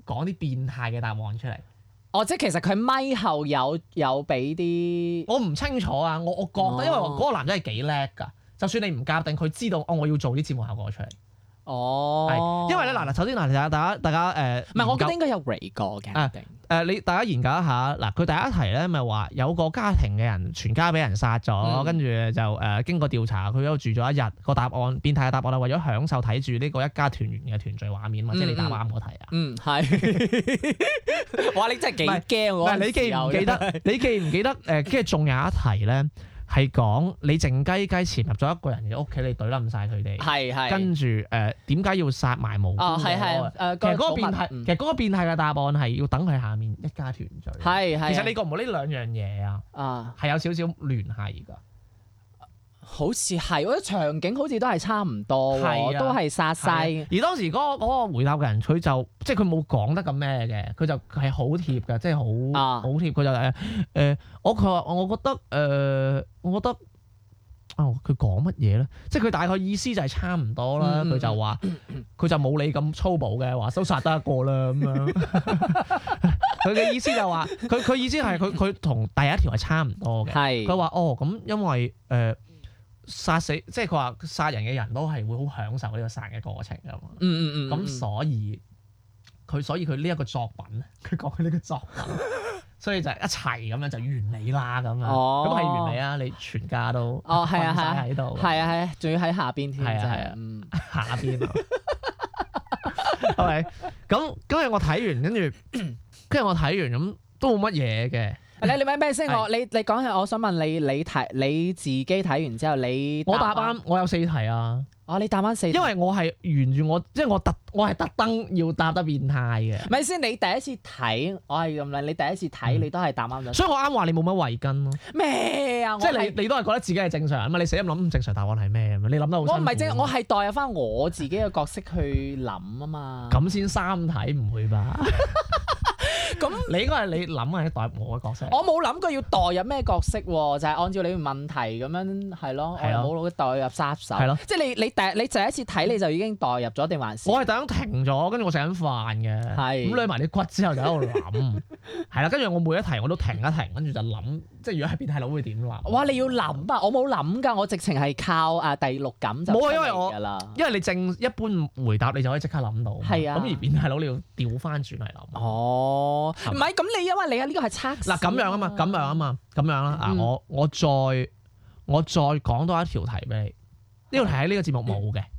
講啲變態嘅答案出嚟。哦，oh, 即係其實佢咪後有有俾啲，我唔清楚啊，我我覺得因為嗰個男仔係幾叻㗎。就算你唔夾定，佢知道哦，我要做啲節目效果出嚟。哦，因為咧嗱嗱，首先嗱，大家大家誒，唔係我覺得應該有 rate 過嘅。一定。誒，你大家研究一下。嗱，佢第一題咧，咪話有個家庭嘅人全家俾人殺咗，跟住就誒經過調查，佢喺度住咗一日。個答案變態嘅答案啦，為咗享受睇住呢個一家團圓嘅團聚畫面，或者你答啱嗰題啊？嗯，係。哇！你真係幾驚我。唔係，你記唔記得？你記唔記得？誒，跟住仲有一題咧。係講你靜雞雞潛入咗一個人嘅屋企，你懟冧晒佢哋。係係是是。跟住誒，點解要殺埋無辜？啊係係誒，其實嗰邊係其實嗰個變態嘅、嗯、答案係要等佢下面一家團聚。係係。其實你覺唔覺呢兩樣嘢啊？啊，係有少少聯繫㗎。好似係，我覺得場景好似都係差唔多，都係殺晒。而當時嗰個回答嘅人，佢就即係佢冇講得咁咩嘅，佢就係好貼嘅，即係好好貼。佢就誒我佢話我覺得誒，我覺得啊，佢講乜嘢咧？即係佢大概意思 *laughs* 就係差唔多啦。佢就話佢就冇你咁粗暴嘅，話都殺得一個啦咁 *laughs* 樣。佢嘅意思就係話、是，佢佢意思係佢佢同第一條係差唔多嘅。係佢話哦咁，因為誒。呃殺死即係佢話殺人嘅人都係會好享受呢個殺人嘅過程噶嘛，咁、嗯嗯嗯嗯、所以佢所以佢呢一個作品咧，佢講佢呢個作品，佢佢作品 *laughs* 所以就一齊咁樣就是、完美啦咁啊，咁係、哦、完美啊，你全家都困晒喺度，係啊係，仲要喺下邊添，係啊係啊，啊啊啊下邊係咪？咁、啊、今日我睇完，跟住跟住我睇完咁都冇乜嘢嘅。你你問咩先？我你你講下我想問你你睇你自己睇完之後，你答我答啱，我有四題啊！啊、哦，你答啱四題，因為我係沿住我即係我特我係特登要答得變態嘅。咪先，你第一次睇我係用咧，你第一次睇、嗯、你都係答啱咗，所以我啱話你冇乜違根咯。咩啊？即係你你都係覺得自己係正常啊嘛？你成咁諗唔正常答案係咩？你諗得好。我唔係正，我係代入翻我自己嘅角色去諗啊嘛。咁先 *laughs* 三題唔會吧？ *laughs* 咁 *laughs* 那你應該係你諗下代入我嘅角色， *laughs* 我冇諗過要代入咩角色喎、啊，就係、是、按照你問題咁樣係咯， *laughs* 我冇代入殺手，係咯， *laughs* 即係你你第你第一次睇你就已經代入咗定還是？我係突然停咗，跟住我食緊飯嘅，係咁攞埋啲骨之後就喺度諗，係啦，跟住我每一題我都停一停，跟住就諗。即係如果係變態佬會點話？哇！你要諗啊，我冇諗㗎，我直情係靠誒、啊、第六感就出面㗎啦。因為我，因為你正一般回答，你就可以即刻諗到。係啊。咁而變態佬你要調翻轉嚟諗。哦。唔係吧，咁你因為你、這個、啊呢個係測。嗱，咁樣，樣，樣、嗯、啊嘛，咁樣啊嘛，咁樣啦。嗱，我我再我再講多一條題俾你。呢條的題喺呢個節目冇嘅。嗯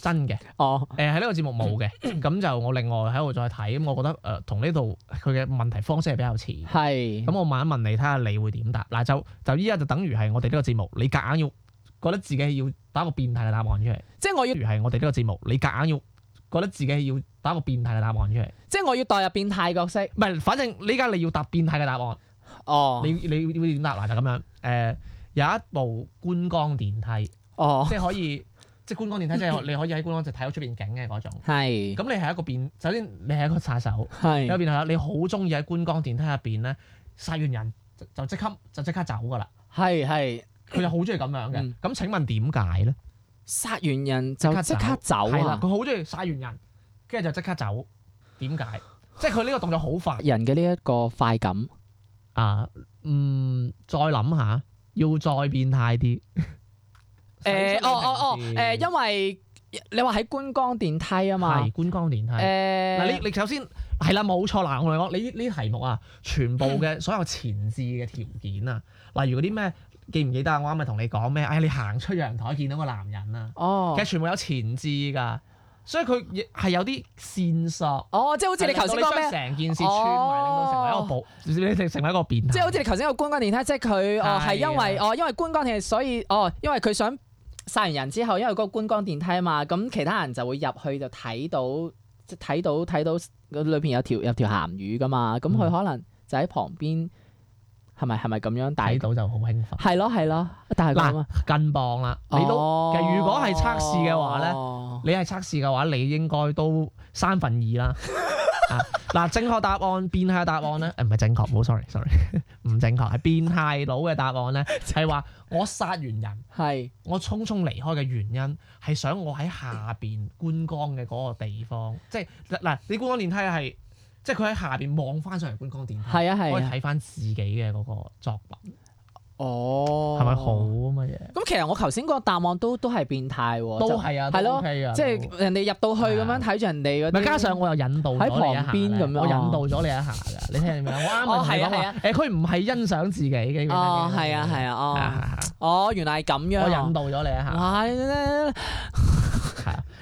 真嘅，哦、oh. 呃，誒喺呢個節目冇嘅，咁就我另外喺度再睇，咁我覺得誒同呢度佢嘅問題方式係比較似，係，咁我問一問你，睇下你會點答？嗱、啊、就就依家就等於係我哋呢個節目，你夾硬要覺得自己要打個變態嘅答案出嚟，即係我要等如係我哋呢個節目，你夾硬要覺得自己要打個變態嘅答案出嚟，即係我要代入變態角色，唔係，反正依家你要答變態嘅答案，哦、oh.，你你會點答？嗱就咁樣，誒、呃、有一部觀光電梯，哦，oh. 即係可以。即係觀光電梯，即係 *laughs* 你可以喺觀光就睇到出邊景嘅嗰種。咁是你係一個變，首先你係一個殺手。係是。有變態啦，你好中意喺觀光電梯入邊咧殺完人就即刻就即刻走㗎啦。係係。佢就好中意咁樣嘅。咁請問點解咧？殺完人就即刻走。係啦、啊，佢好中意殺完人，跟住就即刻走。點解？ *laughs* 即係佢呢個動作好快。人嘅呢一個快感。啊，嗯，再諗下，要再變態啲。 *laughs* 誒、欸，哦哦哦，誒、呃，因為你話喺觀光電梯啊嘛，係觀光電梯。誒、欸，嗱你你首先係啦，冇、啊、錯啦，我同你講，你呢啲題目啊，全部嘅所有前置嘅條件啊，嗯、例如嗰啲咩記唔記得啊？我啱咪同你講咩？誒、哎，你行出陽台見到個男人啊，哦，其實全部有前置㗎，所以佢係有啲線索。哦，即係好似你頭先講咩？成件事串埋，令、哦、到成為一個寶，你成、哦、成為一個變態。即係好似你頭先個觀光電梯，即係佢哦係因為哦因，因，因為觀光電梯，所以哦因為佢想。殺完人之後，因為嗰個觀光電梯啊嘛，咁其他人就會入去就睇到，即睇到睇到裏邊有條有條鹹魚噶嘛，咁佢可能就喺旁邊，係咪係咪咁樣睇到就好興奮？係咯係咯，但係嗱，更、啊、磅啦，你都如果係測試嘅話咧，哦、你係測試嘅話，你應該都三分二啦。 *laughs* *laughs* 啊嗱，正確答案變態答案咧，誒唔係正確，冇 sorry，sorry，唔 *laughs* 正確，係變態佬嘅答案咧，就係、是、話我殺完人，係是我匆匆離開嘅原因係想我喺下邊觀光嘅嗰個地方，即係嗱、啊，你觀光電梯係即係佢喺下邊望翻上嚟觀光電梯，係啊係啊，啊可以睇翻自己嘅嗰個作品。哦，係咪好乜嘢？咁其實我頭先個答案都都係變態喎，都係啊，係咯，即係人哋入到去咁樣睇住人哋，加上我又引導你喺旁邊咁樣，我引導咗你一下㗎，你聽唔聽到？我啱啱問你講緊，誒佢唔係欣賞自己嘅，哦係啊係啊哦，哦原來係咁樣，我引導咗你一下，唔係咧。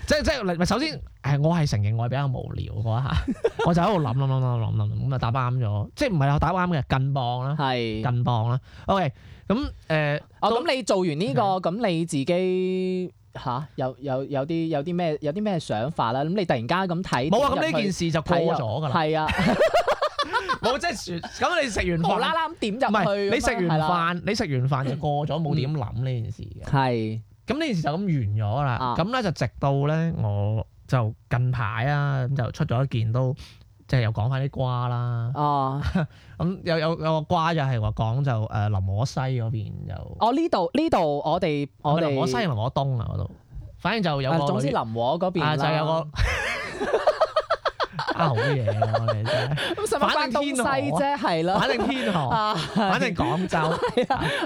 即係即係，首先，誒，我係承認我係比較無聊嗰一下，我就喺度諗諗諗諗諗諗，咁就打啱咗。即係唔係啊？打啱嘅，近磅啦，近磅啦。OK，咁誒，哦，咁你做完呢個，咁你自己嚇有有有啲有啲咩有啲咩想法啦？咁你突然間咁睇冇啊？咁呢件事就過咗㗎啦。係啊，冇即係算。咁你食完飯無啦啦點入去？唔係你食完飯，你食完飯就過咗，冇點諗呢件事嘅。係。咁呢件事就咁完咗啦。咁咧就直到咧，我就近排啊，咁就出咗一件都，即係又講翻啲瓜啦。咁有有有個瓜就係話講就誒林和西嗰邊就。哦，呢度呢度我哋我林和西林和東啊，嗰度。反正就有個總之林和嗰邊。啊，就有個。啱好嘢喎！你真係，反正天西啫，係咯，反正天河，反正廣州，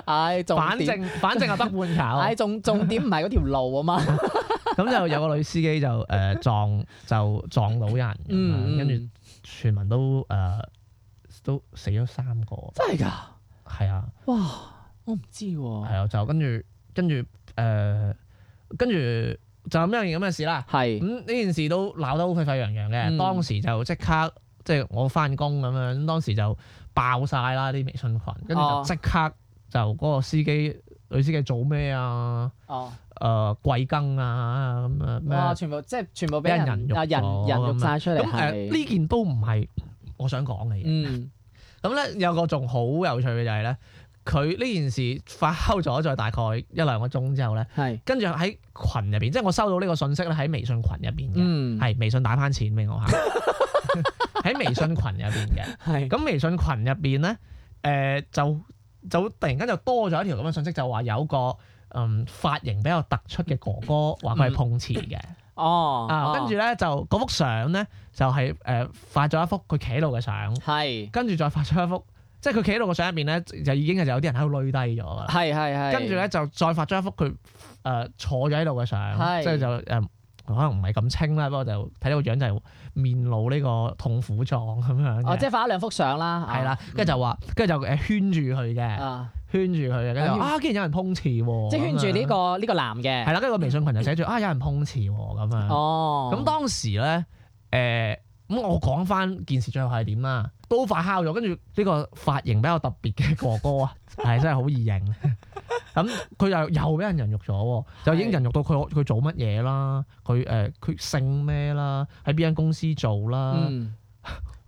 唉、 *laughs* 哎，仲，反正反正又得半考，唉，重重點唔係嗰條路啊嘛。咁 *laughs* *laughs* 就有個女司機就誒、呃、撞就撞到人，跟住、嗯、全民都誒、呃、都死咗三個，真係㗎？係啊！哇！我唔知喎。係啊，就跟住跟住誒跟住。就咁樣咁嘅事啦，咁呢是、嗯、件事都鬧得好沸沸揚揚嘅。嗯、當時就即刻，即、就、係、是、我翻工咁樣，當時就爆晒啦啲微信群，跟住就即刻就嗰個司機女司機做咩啊？哦，誒貴庚啊咁啊咩？哇！全部即係全部俾人，但係人人肉曬出嚟。咁誒呢件都唔係我想講嘅嘢。 *laughs* 嗯，咁咧有個仲好有趣嘅就係、是、咧。佢呢件事發酵咗再大概一兩個鐘之後咧，是跟住喺群入邊，即係我收到呢個信息咧喺微信群入邊嘅，係、嗯、微信打翻錢俾我嚇，喺 *laughs* *laughs* 微信群入邊嘅。咁是微信群入邊咧，誒、呃、就就突然間就多咗一條咁嘅信息，就話有個嗯髮型比較突出嘅哥哥話佢係碰瓷嘅、嗯。哦，啊、呃，跟住咧就嗰幅相咧就係、是、誒、呃、發咗一幅佢企喺度嘅相，是跟住再發咗一幅。即係佢企喺度嘅相入面咧，就已經係有啲人喺度累低咗啦。係係係。跟住咧就再發咗一幅佢誒、呃、坐咗喺度嘅相，係。即係就誒、呃、可能唔係咁清啦，不過就睇到個樣就係面露呢個痛苦狀咁樣。哦，即係發咗兩幅相啦。係啦，跟住就話，跟住就誒圈住佢嘅，圈住佢嘅，跟住啊，竟然有人碰瓷喎！即係圈住呢個呢個男嘅。係啦，跟住個微信群就寫住、嗯、啊，有人碰瓷喎咁樣。哦。咁當時咧誒咁我講翻件事最後係點啦？都發酵咗，跟住呢個髮型比較特別嘅哥哥啊，係 *laughs* 真係好易認。咁佢又又俾人人肉咗喎，就已經人肉到佢佢做乜嘢啦，佢誒佢姓咩啦，喺邊間公司做啦？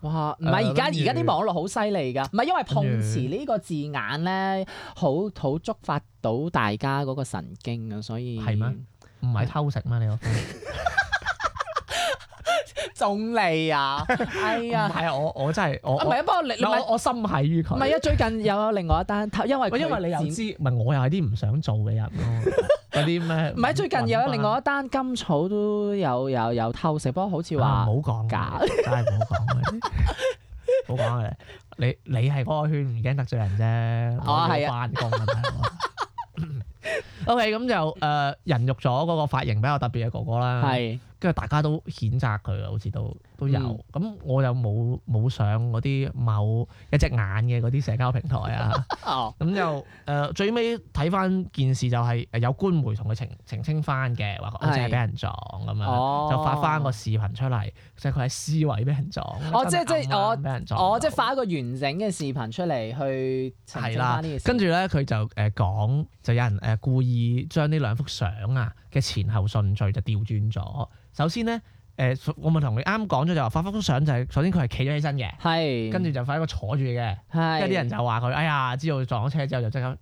哇！唔係而家而家啲網絡好犀利㗎，唔係後因為碰瓷呢個字眼咧，後好好觸發到大家嗰個神經啊，所以係咩？唔係偷食咩你？ *laughs* *laughs* 懂你啊，哎呀，係啊，我我真係我，唔係啊，不過你，我我心繫於佢。唔係啊，最近又有另外一單，因為因為你又知，唔係我又係啲唔想做嘅人咯，嗰啲咩？唔係最近又有另外一單金草都有有有偷食，不過好似話唔好講，但係唔好講，唔好講嘅，你你係嗰個圈唔驚得罪人啫，我係啊。O.K. 咁就誒人肉咗嗰個髮型比較特別嘅哥哥啦，係是，跟住大家都譴責佢啦，好似都都有。咁、嗯、我又冇冇上嗰啲某一隻眼嘅嗰啲社交平台啊，哦、 *laughs* 嗯，咁就誒最尾睇翻件事就係有官媒同佢澄清翻嘅，話我淨係俾人撞咁樣是，就發翻個視頻出嚟，即係佢係思維俾人撞，哦我，即係即係哦，俾人撞，哦，即係發一個完整嘅視頻出嚟去澄清翻呢個事。跟住咧佢就誒講就有人誒故意。而將呢兩幅相啊嘅前後順序就調轉咗。首先咧，誒、呃，我咪同你啱講咗，就話發幅相就係首先佢係企咗起身嘅，是跟住就發一個坐住嘅。跟啲是人就話佢，哎呀，知道撞咗車之後就即刻。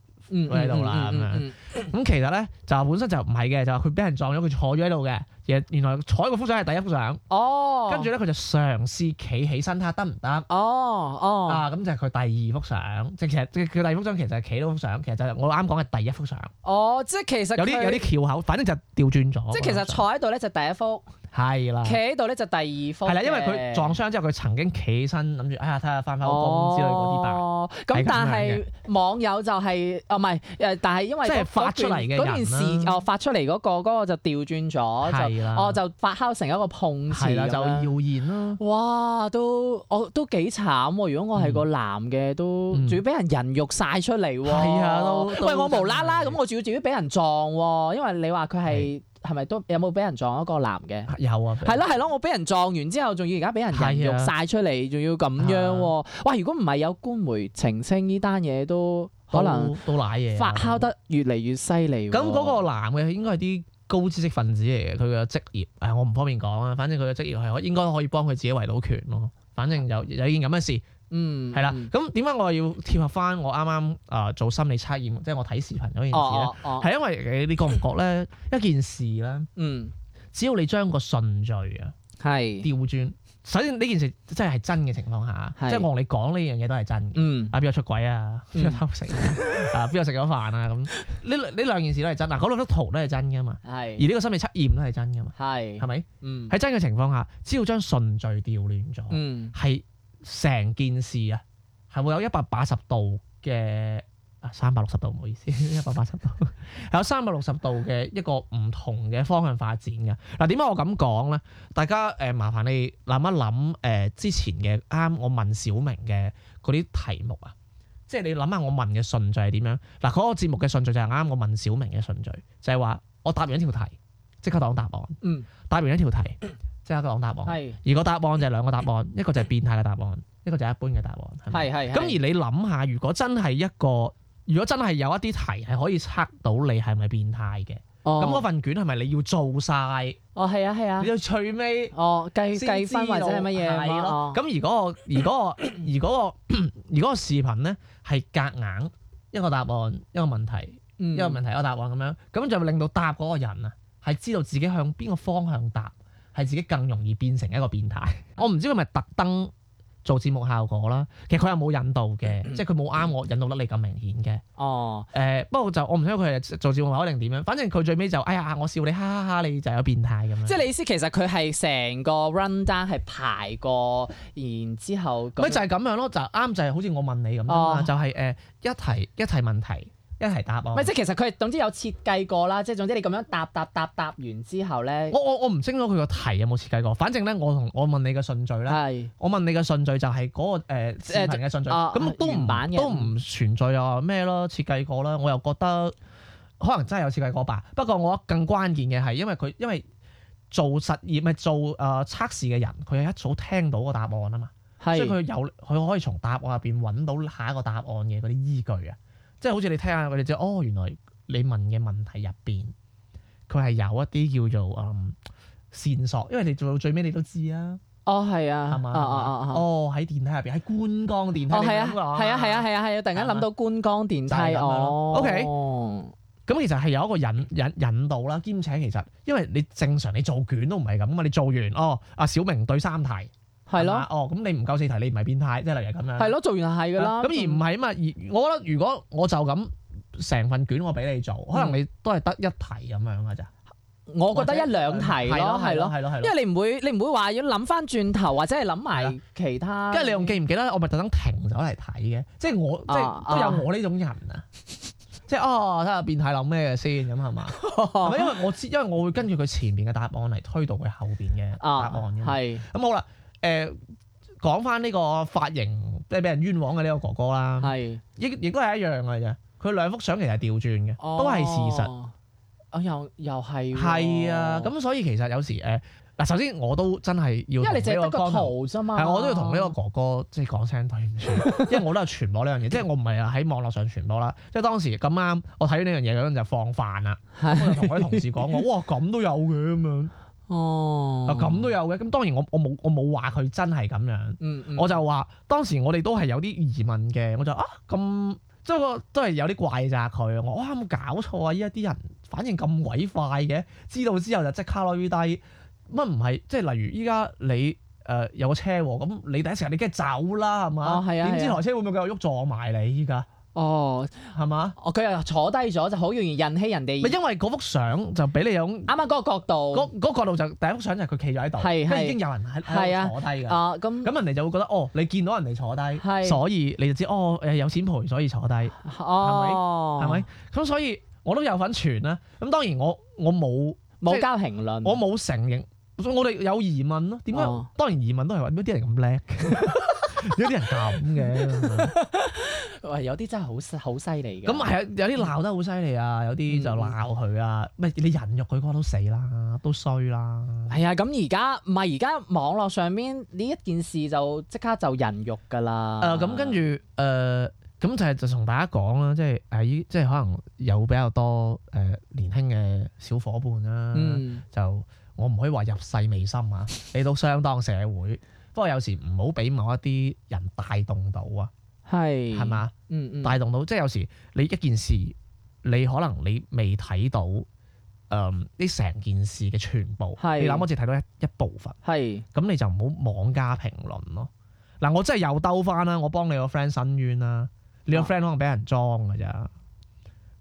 我喺度啦咁樣，咁其實咧就本身就唔係嘅，就佢俾人撞咗，佢坐咗喺度嘅。原原來坐嗰幅相係第一幅相，哦，跟住咧佢就嘗試企起身睇下得唔得，看看能能哦、啊，哦，啊咁就係佢第二幅相，即其實佢佢第二幅相其實係企到幅相，其實就我啱講嘅第一幅相。哦，即係其實有啲有啲翹口，反正就調轉咗。即係其實坐喺度咧就第一幅。係啦，企喺度咧就第二方。係啦，因為佢撞傷之後，佢曾經起身諗住，哎呀睇下翻翻工之類嗰啲吧。哦，咁但係網友就係，哦唔係，誒，但係因為即係發出嚟嗰件嗰件事，哦發出嚟嗰個嗰個就調轉咗，就哦就發酵成一個碰瓷就謠言啦。哇，都我都幾慘喎！如果我係個男嘅，都仲要俾人人肉曬出嚟喎。係啊，都喂我無啦啦咁，我仲要仲要俾人撞喎，因為你話佢係。係咪都有冇俾人撞一個男嘅？有啊，係咯係咯，我俾人撞完之後，仲要而家俾人人肉曬出嚟，仲、啊、要咁樣、啊。哇！如果唔係有官媒澄清呢單嘢，都可能都瀨嘢，發酵得越嚟越犀利、啊。咁嗰個男嘅應該係啲高知識分子嚟嘅，佢嘅職業，誒，我唔方便講啊，反正佢嘅職業係應該可以幫佢自己維護權咯。反正有有件咁嘅事。嗯，係啦，咁點解我又要貼合翻我啱啱啊做心理測驗，即係我睇視頻嗰件事咧？係因為你覺唔覺咧一件事咧？嗯，只要你將個順序啊，係調轉，首先呢件事真係係真嘅情況下，即係我同你講呢樣嘢都係真嘅。嗯，啊邊個出軌啊？邊個偷食啊？邊個食咗飯啊？咁呢呢兩件事都係真啊，嗰兩幅圖都係真嘅嘛。係，而呢個心理測驗都係真嘅嘛。係，係咪？喺真嘅情況下，只要將順序調亂咗，嗯，成件事啊，係會有一百八十度嘅啊三百六十度唔好意思，一百八十度 *laughs* 有三百六十度嘅一個唔同嘅方向發展嘅。嗱，點解我咁講咧？大家誒、呃、麻煩你諗一諗誒之前嘅啱我問小明嘅嗰啲題目啊，即係你諗下我問嘅順序係點樣？嗱、啊、嗰、嗰個節目嘅順序就係啱我問小明嘅順序，就係、係、話我答完一條題即刻講答，答案，嗯，答完一條題。嗯即係一個答案，而 *coughs* 個答案就係兩個答案，一個就係變態嘅答案，一個就係一般嘅答案，係咪？係係咁而你諗下，如果真係一個，如果真係有一啲題係可以測到你係咪變態嘅，咁嗰份卷係咪你要做晒，哦，係啊，係啊。你要最尾哦計計分或者係乜嘢咁？如果我如果我如果我如果個視頻咧係夾硬一個答案一個問題一個問題一個答案咁樣，咁就令到答嗰個人啊係知道自己向邊個方向答。係自己更容易變成一個變態。 *laughs* 我唔知佢咪特登做節目效果啦。其實佢又冇引導嘅，嗯、即係佢冇啱我引導得你咁明顯嘅。哦，誒、呃，不過就我唔知佢係做節目效果定點樣。反正佢最尾就哎呀，我笑你哈哈哈，你就是、有個變態咁樣。即係你意思，其實佢係成個 run down 係排過，然之後咪就係咁樣咯，就啱就係、是、好似我問你咁啊，哦、就係、是、誒、呃、一提一提問題。一係答案，唔係即係其實佢總之有設計過啦，即係總之你咁樣答答答答完之後咧，我我我唔清楚佢個題有冇設計過，反正咧我同我問你嘅順序咧，是我問你嘅順序就係嗰、那個誒視頻嘅、呃、順序，咁、呃、都唔都唔存在啊咩咯？設計過啦，我又覺得可能真係有設計過吧。不過我更關鍵嘅係，因為佢因為做實驗咪做誒、呃、測試嘅人，佢係一早聽到個答案啊嘛，是所以佢有佢可以從答案入邊揾到下一個答案嘅嗰啲依據啊。即係好似你聽下我哋即係哦，原來你問嘅問題入邊，佢係有一啲叫做嗯線索，因為你做到最尾你都知啊。哦，係、哦哦哦、啊，係嘛、啊，哦哦哦哦，哦喺電梯入邊，喺、啊啊、觀光電梯。就係、哦，係啊 okay？嗯，係啊，係啊，係啊，係啊，突然間諗到觀光電梯哦。OK，咁其實係有一個引引引，引導啦，兼且其實因為你正常你做卷都唔係咁啊，你做完哦，阿小明對三題。係咯，哦，咁你唔夠四題，你唔係變態，即係例如咁樣。係咯，做完係㗎啦。咁而唔係啊嘛，而我覺得如果我就咁成份卷我俾你做，可能你都係得一題咁樣㗎咋。我覺得一兩題咯，係咯，因為你唔會，你唔會話要諗翻轉頭，或者係諗埋其他。跟住你仲記唔記得？我咪特登停咗嚟睇嘅，即係我即係都有我呢種人啊，即係哦，睇下變態諗咩嘅先咁係嘛？因為我知，因為我會跟住佢前面嘅答案嚟推導佢後邊嘅答案嘅。係咁好啦。誒，講翻呢個髮型即係俾人冤枉嘅呢個哥哥啦。係，亦亦都係一樣嘅啫。佢兩幅相其實係調轉嘅，哦、都係事實。哦、又又係、哦，係啊，咁所以其實有時誒嗱、呃，首先我都真係要，因為你淨係得個圖啫嘛，係，我都要同呢個哥哥即係講聲對唔住，因為我都係傳播呢樣嘢， *laughs* 即係我唔係喺網絡上傳播啦。即係當時咁啱我睇到呢樣嘢嗰陣就放飯啦，我就同啲同事講我的 *laughs* 哇，咁都有嘅咁樣。哦，啊咁都有嘅，咁當然我我冇我冇話佢真係咁樣，嗯嗯我我，我就話當時我哋都係有啲疑問嘅，我就啊咁即係我都係有啲怪咋佢，我話有冇搞錯啊？依家啲人反應咁鬼快嘅，知道之後就即刻落低，乜唔係即係例如依家你誒、呃、有個車禍，咁你第一時間你梗係走啦，係嘛？點、哦啊、知台車會唔會繼續喐撞埋你依家？哦，係嘛吧？哦，佢又坐低咗，就好容易引起人哋。因為嗰幅相就俾你有種啱啱嗰個角度，嗰嗰、那個、角度就第一幅相就係佢企咗喺度，是是已經有人喺度坐低㗎。哦、啊，咁、啊、咁、嗯、人哋就會覺得哦，你見到人哋坐低，是所以你就知哦誒有錢賠，所以坐低，係咪、哦？係咪？咁所以我都有份傳啦。咁當然我我冇冇交評論，我冇承認，我我哋有疑問咯。點解？哦、當然疑問都係話點解啲人咁叻？ *laughs* 有啲人咁嘅， *laughs* *laughs* 喂，有啲真係好好犀利嘅。咁係啊，有啲鬧得好犀利啊，有啲就鬧佢啊，唔係你人肉佢嗰個都死啦，都衰啦。係啊，咁而家唔係而家網絡上邊呢一件事就即刻就人肉㗎啦。誒、呃，咁跟住誒，咁、呃、就係就同大家講啦，即係誒，即係可能有比較多誒、呃、年輕嘅小伙伴啦、啊，嗯、就我唔可以話入世未深啊，你都相當社會。 *laughs* 不過有時唔好俾某一啲人帶動到啊，係係嘛？嗯、um, 嗯，帶動到即係有時你一件事，你可能你未睇到誒啲成件事嘅全部，你諗我只睇到一一部分，係咁你就唔好妄加評論咯。嗱，我真係又兜翻啦，我幫你個 friend 申冤啦，你個 friend 可能俾人裝㗎咋，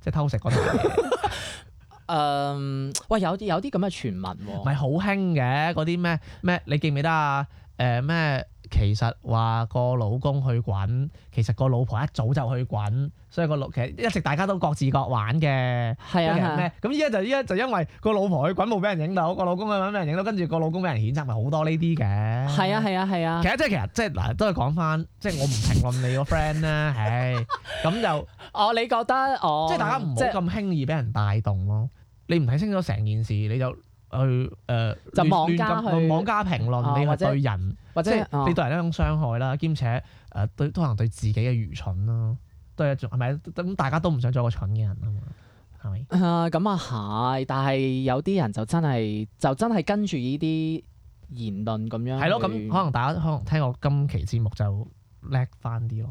即係偷食嗰啲嘢。誒，喂，有啲有啲咁嘅傳聞喎，唔係好興嘅嗰啲咩咩，你記唔記得啊？誒咩、呃？其實話個老公去滾，其實個老婆一早就去滾，所以個老其實一直大家都各自各玩嘅。係是啊，咁依家就依家就因為個老婆去滾冇俾人影到，是啊是啊到個老公去揾俾人影到，跟住個老公俾人譴責，咪、就、好、是、多呢啲嘅。係啊，係啊，係啊其、就是。其實即係其實即係嗱，都係講翻，即、就、係、是、我唔評論你個 friend 啦。唉， *laughs* 咁就哦， *laughs* 你覺得哦，即係大家唔好咁輕易俾人帶動咯。你唔睇清楚成件事，你就～去誒就網加網加評論，你或者對人或者你對人一種傷害啦，兼且誒對都可能對自己嘅愚蠢咯，對啊仲係咪咁大家都唔想做個蠢嘅人啊嘛，係咪咁啊係，但係有啲人就真係就真係跟住呢啲言論咁樣係咯，咁可能大家可能聽我今期節目就叻翻啲咯，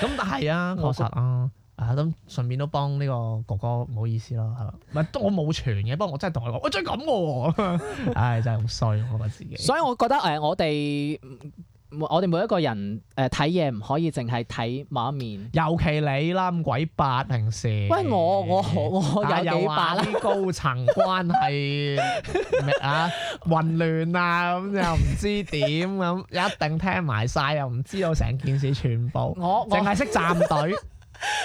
咁但係啊確實啊。啊咁，順便都幫呢個哥哥唔好意思咯，係咪？唔係，我冇傳嘅，不過我真係同佢講，我真緊嘅喎。唉、啊 *laughs* 哎，真係好衰，我覺得自己。所以我覺得誒、呃，我哋、呃、我哋每一個人誒睇嘢唔可以淨係睇某一面。尤其你啦，鬼八平時。喂，我我我有幾、啊啊、又幾八啦？啲高層關係 *laughs* *laughs* 啊，混亂啊，咁、嗯、又唔知點咁、嗯，一定聽埋晒，又唔知道成件事全部。 *laughs* 我淨係識站隊。 *laughs*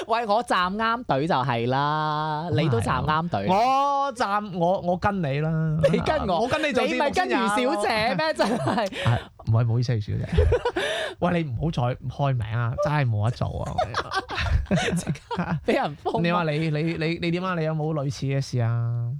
喂，我站啱隊就係啦，不你都站啱隊，我站我我跟你啦，你跟我，我跟你，你咪跟住小姐咩？真係，唔係，唔好意思，小姐，喂，你唔好再開名啊， *laughs* 真係冇得做啊，俾人封。你話你你你你點啊？你有冇類似嘅事啊？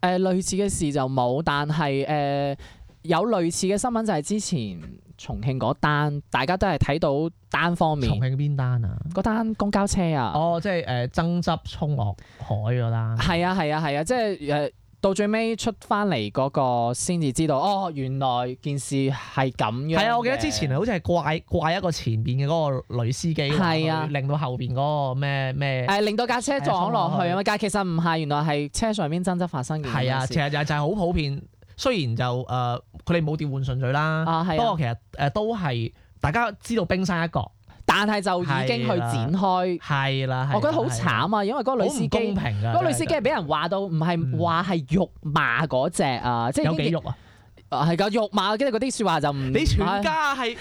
誒、呃，類似嘅事就冇，但係誒。呃有類似嘅新聞就係、是、之前重慶嗰單，大家都係睇到單方面。重慶邊單啊？嗰單公交車啊？哦，即係誒、呃、爭執衝落海嗰單。係啊，係啊，係啊，啊，即係誒到最尾出翻嚟嗰個先至知道，哦原來件事係咁樣。係啊，我記得之前好似係怪怪一個前邊嘅嗰個女司機，係啊，啊，令到後邊嗰個咩咩誒令到架車撞去、啊、落去啊嘛，但係其實唔係，原來係車上面爭執發生嘅事。係啊，其實就就係好普遍。雖然就誒佢哋冇調換順序啦，不過、啊啊、其實誒都係大家知道冰山一角，但係就已經去展開。係啦、啊，啊啊、我覺得好慘啊，啊啊因為嗰個女司機，嗰個、啊、女司機俾人話到，唔係話係辱罵嗰隻啊，嗯、即係有幾辱啊？啊，係㗎，辱罵，跟住嗰啲説話就唔，你全家係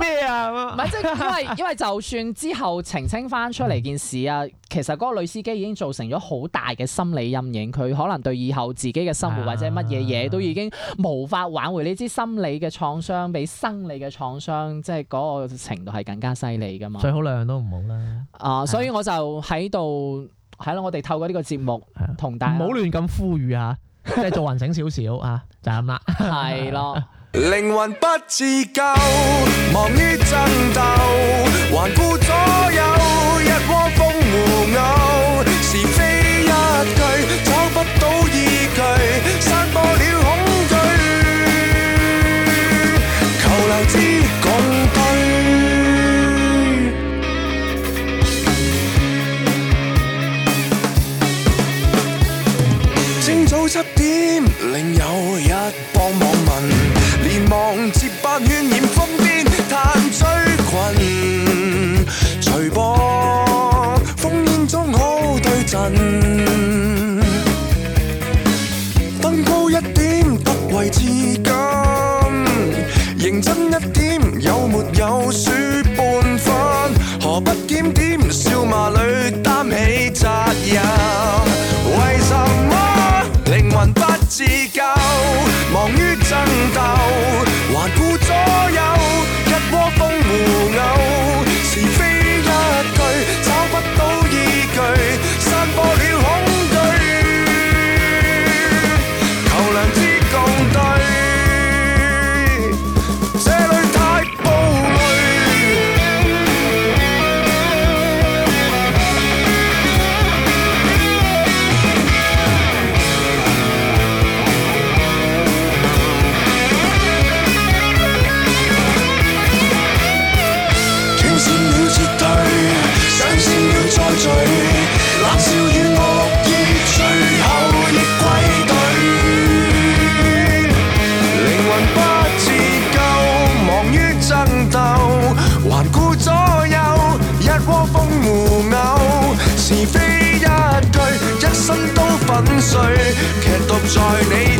咩 *laughs* 麼啊？唔 *laughs* 係， *laughs* 即係因為因為就算之後澄清翻出嚟件事啊，嗯、其實嗰個女司機已經造成咗好大嘅心理陰影，佢可能對以後自己嘅生活或者乜嘢嘢都已經無法挽回呢啲心理嘅創，創傷，比生理嘅創傷即係嗰個程度係更加犀利㗎嘛。最好兩樣都唔好啦。啊， *laughs* 所以我就喺度係咯，我哋透過呢個節目同 *laughs* 大家、啊，家。唔好亂咁呼籲嚇。即係做人醒少少啊，就係咁啦。係咯。